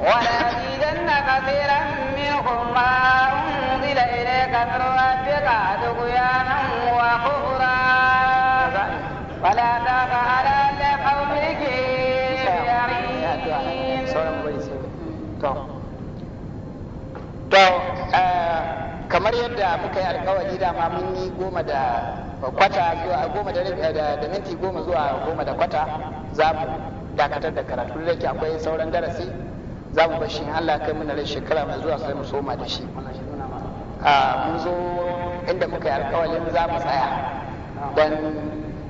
ولأزيدن كثيرا منهم ما أنزل إليك من ربك طغيانا وكفرا فلا تفعل لقومك يعين.
kamar yadda muka yi alkawari dama mun yi goma da kwata zuwa goma da da minti goma zuwa goma da kwata za mu dakatar da karatu da ke akwai sauran darasi za mu bar shi in Allah kai muna rai shekara mai zuwa sai mu soma da shi a mun zo inda muka yi alkawarin za mu tsaya don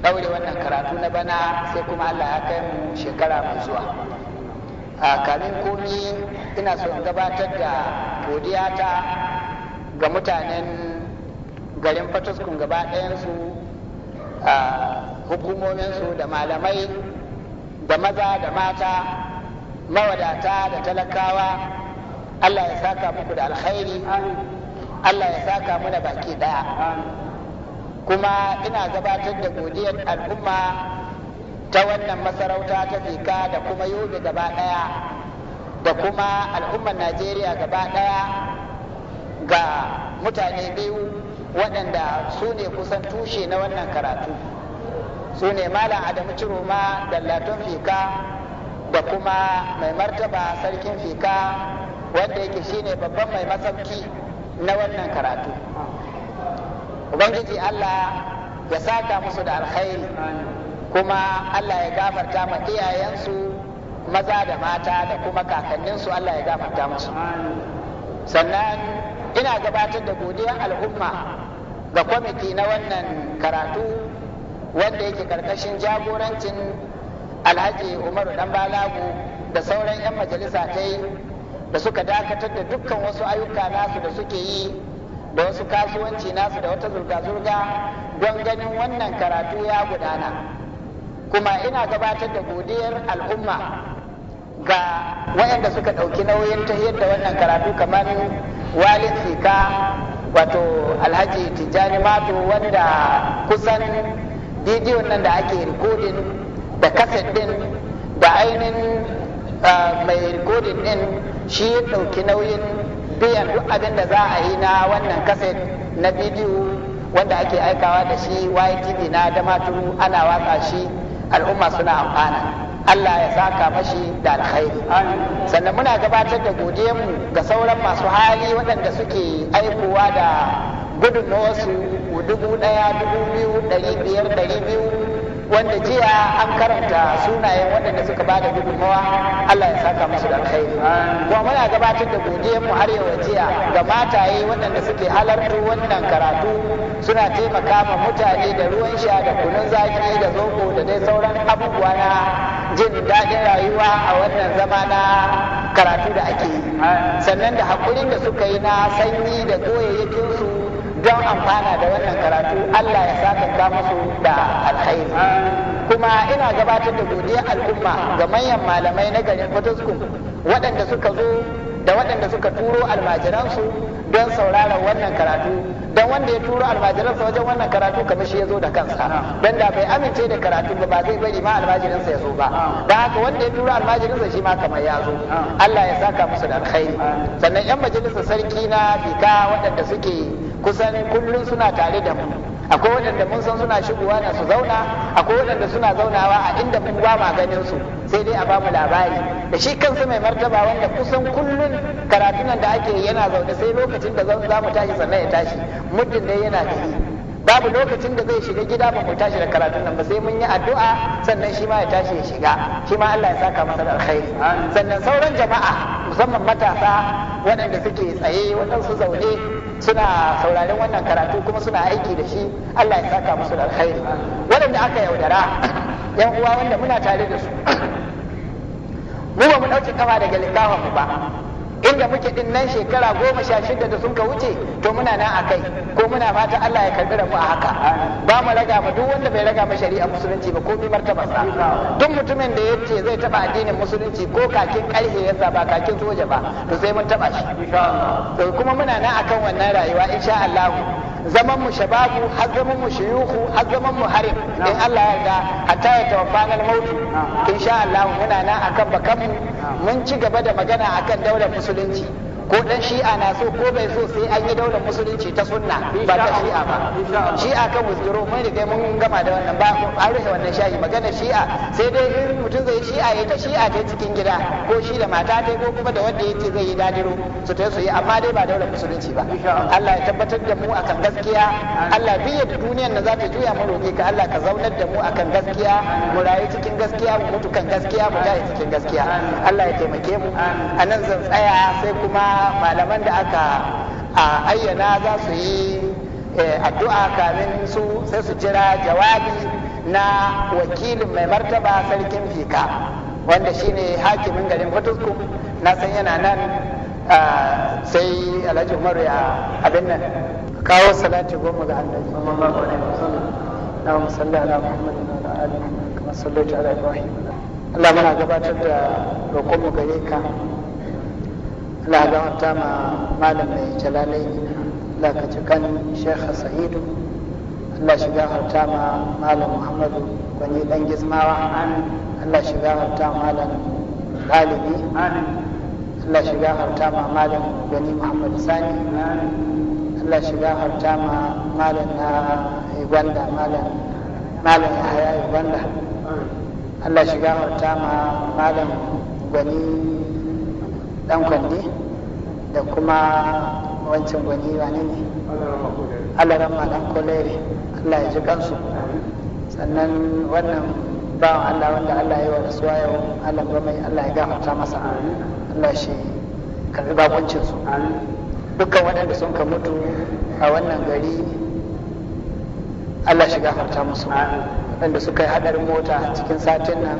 daure wannan karatu na bana sai kuma Allah ya kai mu shekara mai zuwa a kamin komi ina so in gabatar da godiya ta ga mutanen garin fataskun gaba ɗayansu a hukumominsu da malamai da maza da mata mawadata da talakawa allah ya saka muku da alkhairi allah ya saka muna baki ɗaya kuma ina gabatar da godiyar al'umma ta wannan masarauta ta fika da kuma yobe gaba ɗaya da kuma al'ummar najeriya gaba ɗaya ga mutane biyu waɗanda su ne kusan tushe na wannan karatu su ne malam adamu ciroma da latin fika da kuma mai martaba sarkin fika wanda yake shine babban mai masauki na wannan karatu ubangiji allah ya saka musu da alkhairi kuma allah ya gafarta ma iyayensu maza da mata da kuma kakanninsu allah ya gafarta musu sannan ina gabatar da godiyar al'umma ga kwamiti na wannan karatu wanda yake karkashin jagorancin alhaji umaru dan balagu da sauran 'yan majalisa ta yi da suka dakatar da dukkan wasu ayyuka nasu da suke yi da wasu kasuwanci nasu da wata zurga-zurga don ganin wannan karatu ya gudana kuma ina gabatar da godiyar al'umma ga wayanda suka ɗauki nauyin ta yadda wannan karatu kamar walid ka, wato alhaji tijjani mato wanda kusan bidiyon nan da ake rikodin da kaset din da ainihin ah, mai rikodin din shi ya ɗauki nauyin biyan duk abin da za a yi na wannan kaset na bidiyo wanda ake aikawa da shi ytv na maturu ana watsa shi al'umma suna amfana Allah ya saka mashi da alkhairi sannan muna gabatar da mu ga sauran masu hali waɗanda suke aikowa da gudunmawarsu dubu ɗaya dubu biyu ɗari biyar ɗari biyu wanda jiya an karanta sunayen waɗanda suka ba da gudunmawa Allah ya saka musu da alkhairi kuma muna gabatar da godiyar mu har yau jiya ga mataye waɗanda suke halartu wannan karatu suna taimaka ma mutane da ruwan sha da kunun zaki da zoko da dai sauran abubuwa na jin daɗin rayuwa a wannan zama na karatu da ake yi sannan da haƙurin da suka yi na sanyi da goyayyakinsu don amfana da wannan karatu Allah ya sakanta musu da alkhairi kuma ina gabatar da godiyar al'umma ga manyan malamai na garin Fotoskum waɗanda suka zo da waɗanda suka turo almajiransu don sauraron wannan karatu don wanda ya turo almajiransa wajen wannan karatu kamar shi ya zo da kansa don da bai amince da karatu ba ba zai bari ma almajirinsa ya zo ba da haka wanda ya turo almajirinsa shi ma kamar ya zo Allah ya saka musu da alkhairi sannan yan majalisar sarki na bika waɗanda suke kusan kullum suna tare da mu akwai waɗanda mun san suna shigowa na su zauna akwai waɗanda suna zaunawa a inda mun ba ma ganin su sai dai a ba mu labari da shi kansa mai martaba wanda kusan kullum karatun da ake yana zaune sai lokacin da za mu tashi sannan ya tashi muddin dai yana gari babu lokacin da zai shiga gida ba mu tashi da karatun nan ba sai mun yi addu'a sannan shi ma ya tashi ya shiga shi ma Allah ya saka masa da alkhairi sannan sauran jama'a musamman matasa waɗanda suke tsaye waɗansu zaune suna sauraren wannan karatu kuma suna aiki da shi Allah ya saka musu da alkhairi waɗanda aka yaudara yan uwa wanda muna tare da su mu ba mu ɗauke kafa daga mu ba inda muke din nan shekara goma sha shida da sun ka wuce to muna nan a kai ko muna fata Allah ya karbi mu a haka ba mu raga mu duk wanda bai raga mu shari'a musulunci ba ko martaba sa duk mutumin da yace zai taba addinin musulunci ko kakin karhe yasa ba kakin soja ba to sai mun taba shi to kuma muna nan akan wannan rayuwa insha Allah zaman mu shababu har zaman mu shuyuhu har zaman mu harim in Allah ya yarda hatta ya tawaffana al mautu insha Allah muna nan akan bakan mu mun ci gaba da magana akan daular musulunci ko dan shi'a na so ko bai so sai an yi daular musulunci ta sunna ba ta shi'a ba shi'a kan withdraw mun riga mun gama da wannan ba an rufe wannan shayi magana shi'a sai dai in mutum zai shi'a ya ta shi'a ta cikin gida ko shi da mata ta ko kuma da wanda yake zai yi dadiro su ta su yi amma dai ba daular musulunci ba Allah ya tabbatar da mu akan gaskiya Allah biye da duniyar da za ta juya mu roƙe ka Allah ka zaunar da mu akan gaskiya mu rayu cikin gaskiya mu mutu kan gaskiya mu tashi cikin gaskiya Allah ya taimake mu anan zan tsaya sai kuma malaman da aka ayyana za su yi e, addu'a kamin su sai su jira jawabi na wakilin mai martaba sarkin fika wanda shine hakimin garin fatuskum na san yana nan sai alhaji umaru ya abin nan kawo salati goma ga annabi sallallahu alaihi wasallam na musalli ala muhammadin wa ala alihi kama sallaita ala ibrahim Allah mana gabatar da roƙon mu gare ka Allah gafarta ma malam mai jalalai Allah ka ci kan Sheikh Sa'idu Allah shi gafarta ma malam Muhammadu gwani dan gizmawa Allah shi gafarta ma malam Galibi Allah shi gafarta ma malam gani Muhammad Sani Allah shi gafarta ma malam na Uganda malam malam haya Uganda Allah shi gafarta ma malam gwani dan kwanne da kuma wancan gwani wani ne alarama dan kolere allah ya ji kansu sannan wannan bawan allah wanda allah ya wa rasuwa yau allah ba mai allah ya gafarta masa allah shi karbi bakuncinsu dukkan waɗanda sun ka mutu a wannan gari allah shi gafarta musu waɗanda suka yi haɗarin mota cikin satin nan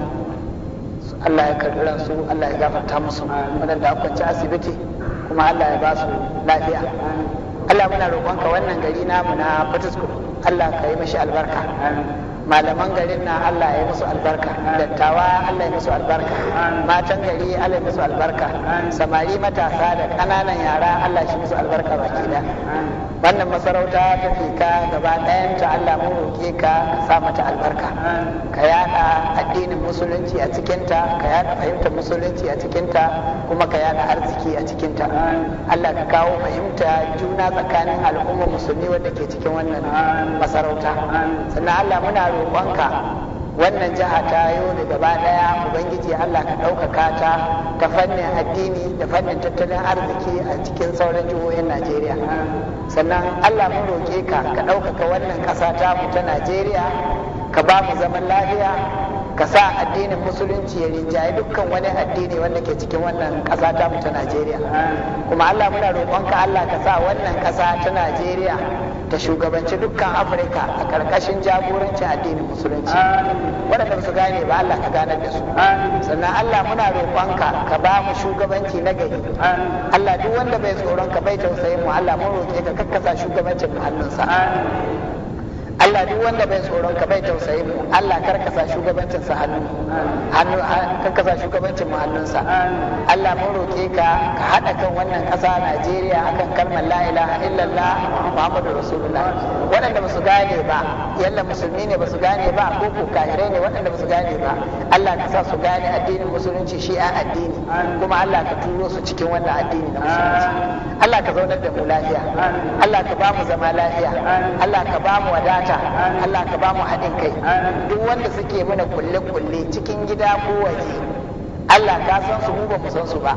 Allah ya karɓi ransu Allah ya gafarta musu waɗanda aka kwanci asibiti kuma Allah ya ba su lafiya Allah muna roƙonka wannan gari namu na Fatiskul Allah ka yi mashi albarka malaman garin na Allah ya musu albarka dattawa Allah ya musu albarka matan gari Allah ya musu albarka samari matasa da ƙananan yara Allah shi musu albarka baki da wannan masarauta ta ka gaba ɗayan ta Allah mu roƙe ka sa mata albarka ka yada addinin musulunci a cikinta ka yada fahimtar musulunci a cikinta kuma ka yada arziki a cikinta Allah ka kawo fahimta juna tsakanin al'umma musulmi wadda ke cikin wannan masarauta sannan Allah muna roƙonka wannan jiha ta yau da gaba daya ubangiji allah ka ɗaukaka ta ta fannin addini da fannin tattalin arziki a cikin sauran jihohin najeriya sannan allah mun roƙe ka ka ɗaukaka wannan ƙasa ta mu ta najeriya ka ba mu zaman lafiya ka sa addinin musulunci ya rinjaye dukkan wani addini wanda ke cikin wannan ƙasa ta mu ta najeriya kuma allah muna roƙonka allah ka sa wannan ƙasa ta najeriya ta shugabanci dukkan afirka a karkashin jagorancin addinin musulunci waɗanda su gane ba allah ka ganar da su sannan allah muna roƙonka ka ba mu shugabanci na gari allah duk wanda bai tsoron ka bai tausayin mu allah mun roƙe ka kakkasa shugabancin mu hannunsa Allah duk wanda bai tsoron ka bai tausayi mu Allah sa shugabancin sa hannu hannu sa shugabancin mu hannunsa Allah mun roke ka ka hada kan wannan kasa Najeriya akan kalmar la ilaha illallah Muhammadu Rasulullah wanda ba su gane ba yalla musulmi ne ba su gane ba ko ko kafire ne wanda ba su gane ba Allah ka sa su gane addinin musulunci shi a addini kuma Allah ka turo su cikin wannan addini na musulunci Allah ka zaunar da mu lafiya Allah ka ba mu zama lafiya Allah ka ba mu wadata bukata Allah ka ba mu haɗin kai duk wanda suke mana kulle-kulle cikin gida ko waje Allah ka san su mu ba mu san su ba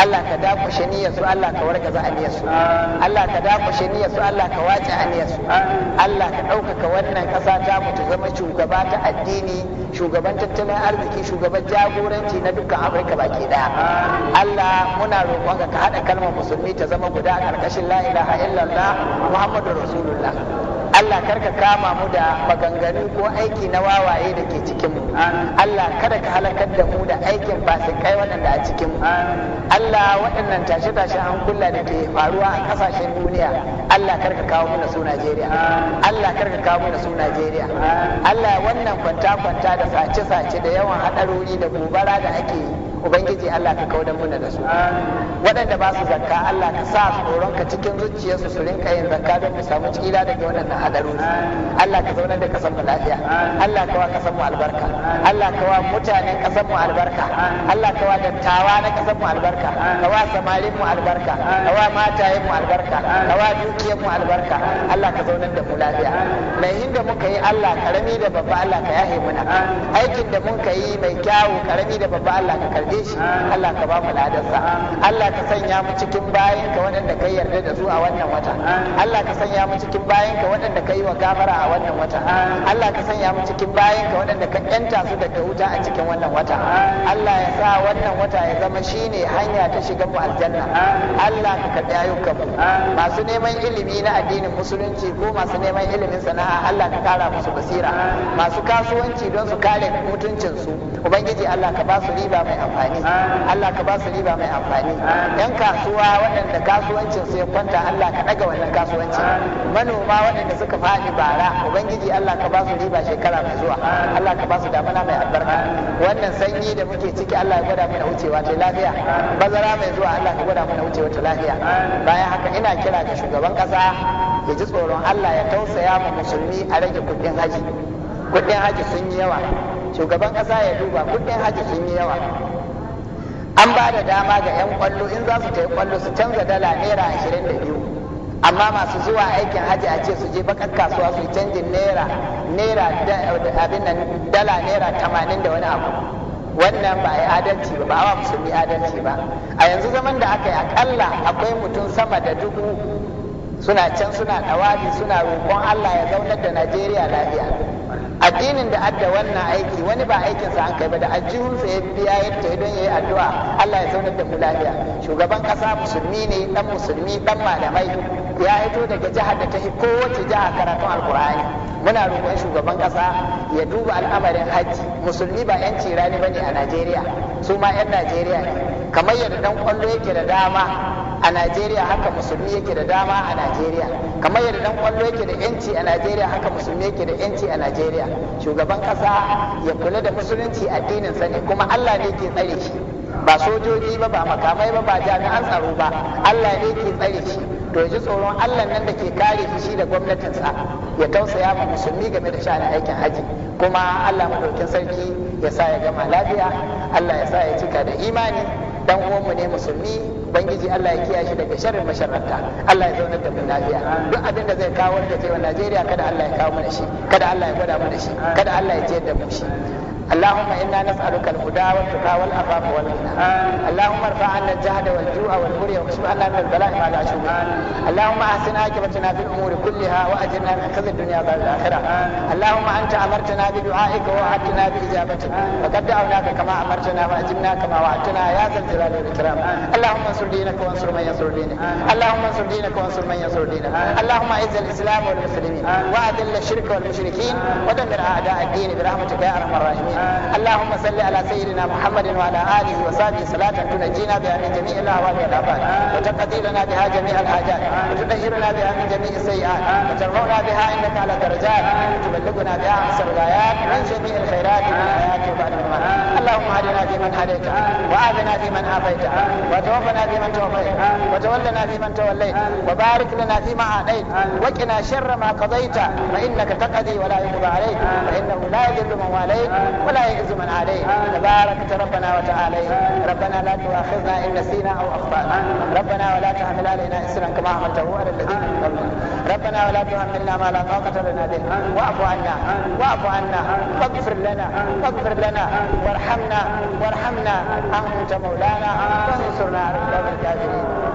Allah ka dakushe niyyar su Allah ka wargaza aniyar su Allah ka dakushe niyyar su Allah ka wace aniyar su Allah ka ɗaukaka wannan ƙasa ta mu zama shugaba ta addini shugaban tattalin arziki shugaban jagoranci na dukkan Afirka baki daya Allah muna roƙon ka haɗa kalmar musulmi ta zama guda a ƙarƙashin la ilaha illallah Muhammadu Rasulullah Allah karka kama mu da maganganu ko aiki na
wawaye da ke cikinmu Allah kada ka halakar da mu da aikin fasikai waɗanda a
cikinmu Allah waɗannan tashe-tashe hankula da ke faruwa a ƙasashen duniya Allah karka kawo mu da su Najeriya Allah karka kawo mu da su Najeriya Allah wannan kwanta-kwanta da sace-sace da yawan haɗarori da gobara da ake yi ubangiji Allah ka kaudan muna da su waɗanda ba su zakka Allah ka sa tsoron ka cikin zuciyarsu su rinka yin zakka don mu samu tsira daga waɗannan hadarori Allah ka zaunar da kasar mu lafiya Allah ka wa kasar mu albarka Allah ka wa mutanen kasar mu albarka Allah ka wa dattawa na kasar mu albarka ka wa samarin mu albarka ka wa matayen mu albarka ka wa dukiyar mu albarka Allah ka zaunar da mu lafiya mai hinda muka yi Allah karami da babba Allah ka yahe muna aikin da mun ka yi mai kyawu karami da babba Allah ka karbi saurare shi Allah ka ba mu ladarsa Allah ka sanya mu cikin bayan ka waɗanda ka yarda da su a wannan wata Allah ka sanya mu cikin bayan ka waɗanda ka yi wa gafara a wannan wata Allah ka sanya mu cikin bayan ka waɗanda ka yanta su daga wuta a cikin wannan wata Allah ya sa wannan wata ya zama shine hanya ta shiga mu aljanna Allah ka ka mu masu neman ilimi na addinin musulunci ko masu neman ilimin sana'a Allah ka kara musu basira masu kasuwanci don su kare mutuncinsu ubangiji Allah ka ba su riba mai amfani amfani Allah ka ba su riba mai amfani yan kasuwa waɗanda kasuwancin su ya kwanta Allah ka ɗaga wannan kasuwancin manoma waɗanda suka faɗi bara ubangiji Allah ka ba su riba shekara mai zuwa Allah ka ba su damana mai albarka wannan sanyi da muke ciki Allah ya gwada mana wucewa ta lafiya bazara mai zuwa Allah ka gwada mana wucewa ta lafiya bayan haka ina kira ga shugaban ƙasa ya ji tsoron Allah ya tausaya ma musulmi a rage kuɗin haji kuɗin haji sun yi yawa shugaban ƙasa ya duba kuɗin haji sun yi yawa an ba da dama ga 'yan kwallo in za su tafi kwallo su canza dala naira ashirin da biyu amma masu zuwa aikin hajji a ce su je bakar kasuwa su canjin naira naira abin dala naira tamanin da wani abu wannan ba ya adalci ba ba wa musulmi adalci ba a yanzu zaman da aka yi akalla akwai mutum sama da dubu suna can suna dawafi suna roƙon allah ya zaunar da najeriya lafiya addinin da adda wannan aiki wani ba aikinsa an kai ba da sa ya biya yadda don ya yi addu'a Allah ya zauna da mu lafiya shugaban kasa musulmi ne dan musulmi dan malamai ya hito daga jihar da ta fi kowace jiha karatun alkur'ani muna roƙon shugaban kasa ya duba al'amarin hajji musulmi ba 'yan cirani ba ne a najeriya su ma 'yan najeriya ne kamar yadda dan kwallo yake da dama a najeriya haka musulmi yake da dama a najeriya kamar yadda dan kwallo yake da yanci a najeriya haka musulmi yake da yanci a najeriya shugaban kasa ya kula da musulunci addinin sa ne kuma allah ne ke tsare shi ba sojoji ba ba makamai ba ba jami'an tsaro ba allah ne ke tsare shi to ji tsoron allah nan da ke kare shi da gwamnatin sa ya tausaya ma musulmi game da sha'anin aikin haji kuma allah madaukin sarki ya sa ya gama lafiya allah ya sa ya cika da imani dan uwanmu ne musulmi ubangiji Allah ya kiyaye shi daga sharrin masharranta Allah ya zauna da mu lafiya duk abin da zai kawo da cewa Najeriya kada Allah ya kawo mana shi kada Allah ya gwada mana shi kada Allah ya ciyar da mu shi اللهم انا نسالك الهدى والتقى والعفاف والغنى اللهم ارفع عنا الجهد والجوع والبري واكشف عنا من البلاء ما لا يشوفنا اللهم احسن عاقبتنا في الامور كلها واجرنا من خزي الدنيا بعد الاخره اللهم انت امرتنا بدعائك ووعدتنا باجابتك وقد دعوناك كما امرتنا واجبنا كما وعدتنا يا ذا الجلال والاكرام اللهم انصر دينك وانصر من ينصر دينك اللهم انصر دينك وانصر من ينصر دينك اللهم اعز الاسلام والمسلمين واذل الشرك والمشركين ودمر اعداء الدين برحمتك يا ارحم الراحمين اللهم صل على سيدنا محمد وعلى اله وصحبه صلاه تنجينا بها من جميع الاهوال والاباد وتقضي لنا بها جميع الحاجات وتطهرنا بها من جميع السيئات وترفعنا بها انك على درجات وتبلغنا بها احسن الغايات من جميع الخيرات من اللهم اهدنا فيمن هديت واعذنا فيمن عافيت وتوفنا فيمن توفيت وتولنا فيمن توليت وبارك لنا فيما أعطيت وقنا شر ما قضيت فإنك تقضي ولا يقضى عليك فإنه لا يذل من واليت ولا يعز من عليك تباركت ربنا وتعالى ربنا لا تؤاخذنا إن نسينا أو أخطأنا ربنا ولا تحمل علينا إسرا كما حملته على الذين من قبلنا ربنا ولا تحملنا ما لا طاقة لنا به واعف عنا واعف عنا واغفر لنا واغفر لنا وارحمنا وارحمنا أنت مولانا وانصرنا على القوم الكافرين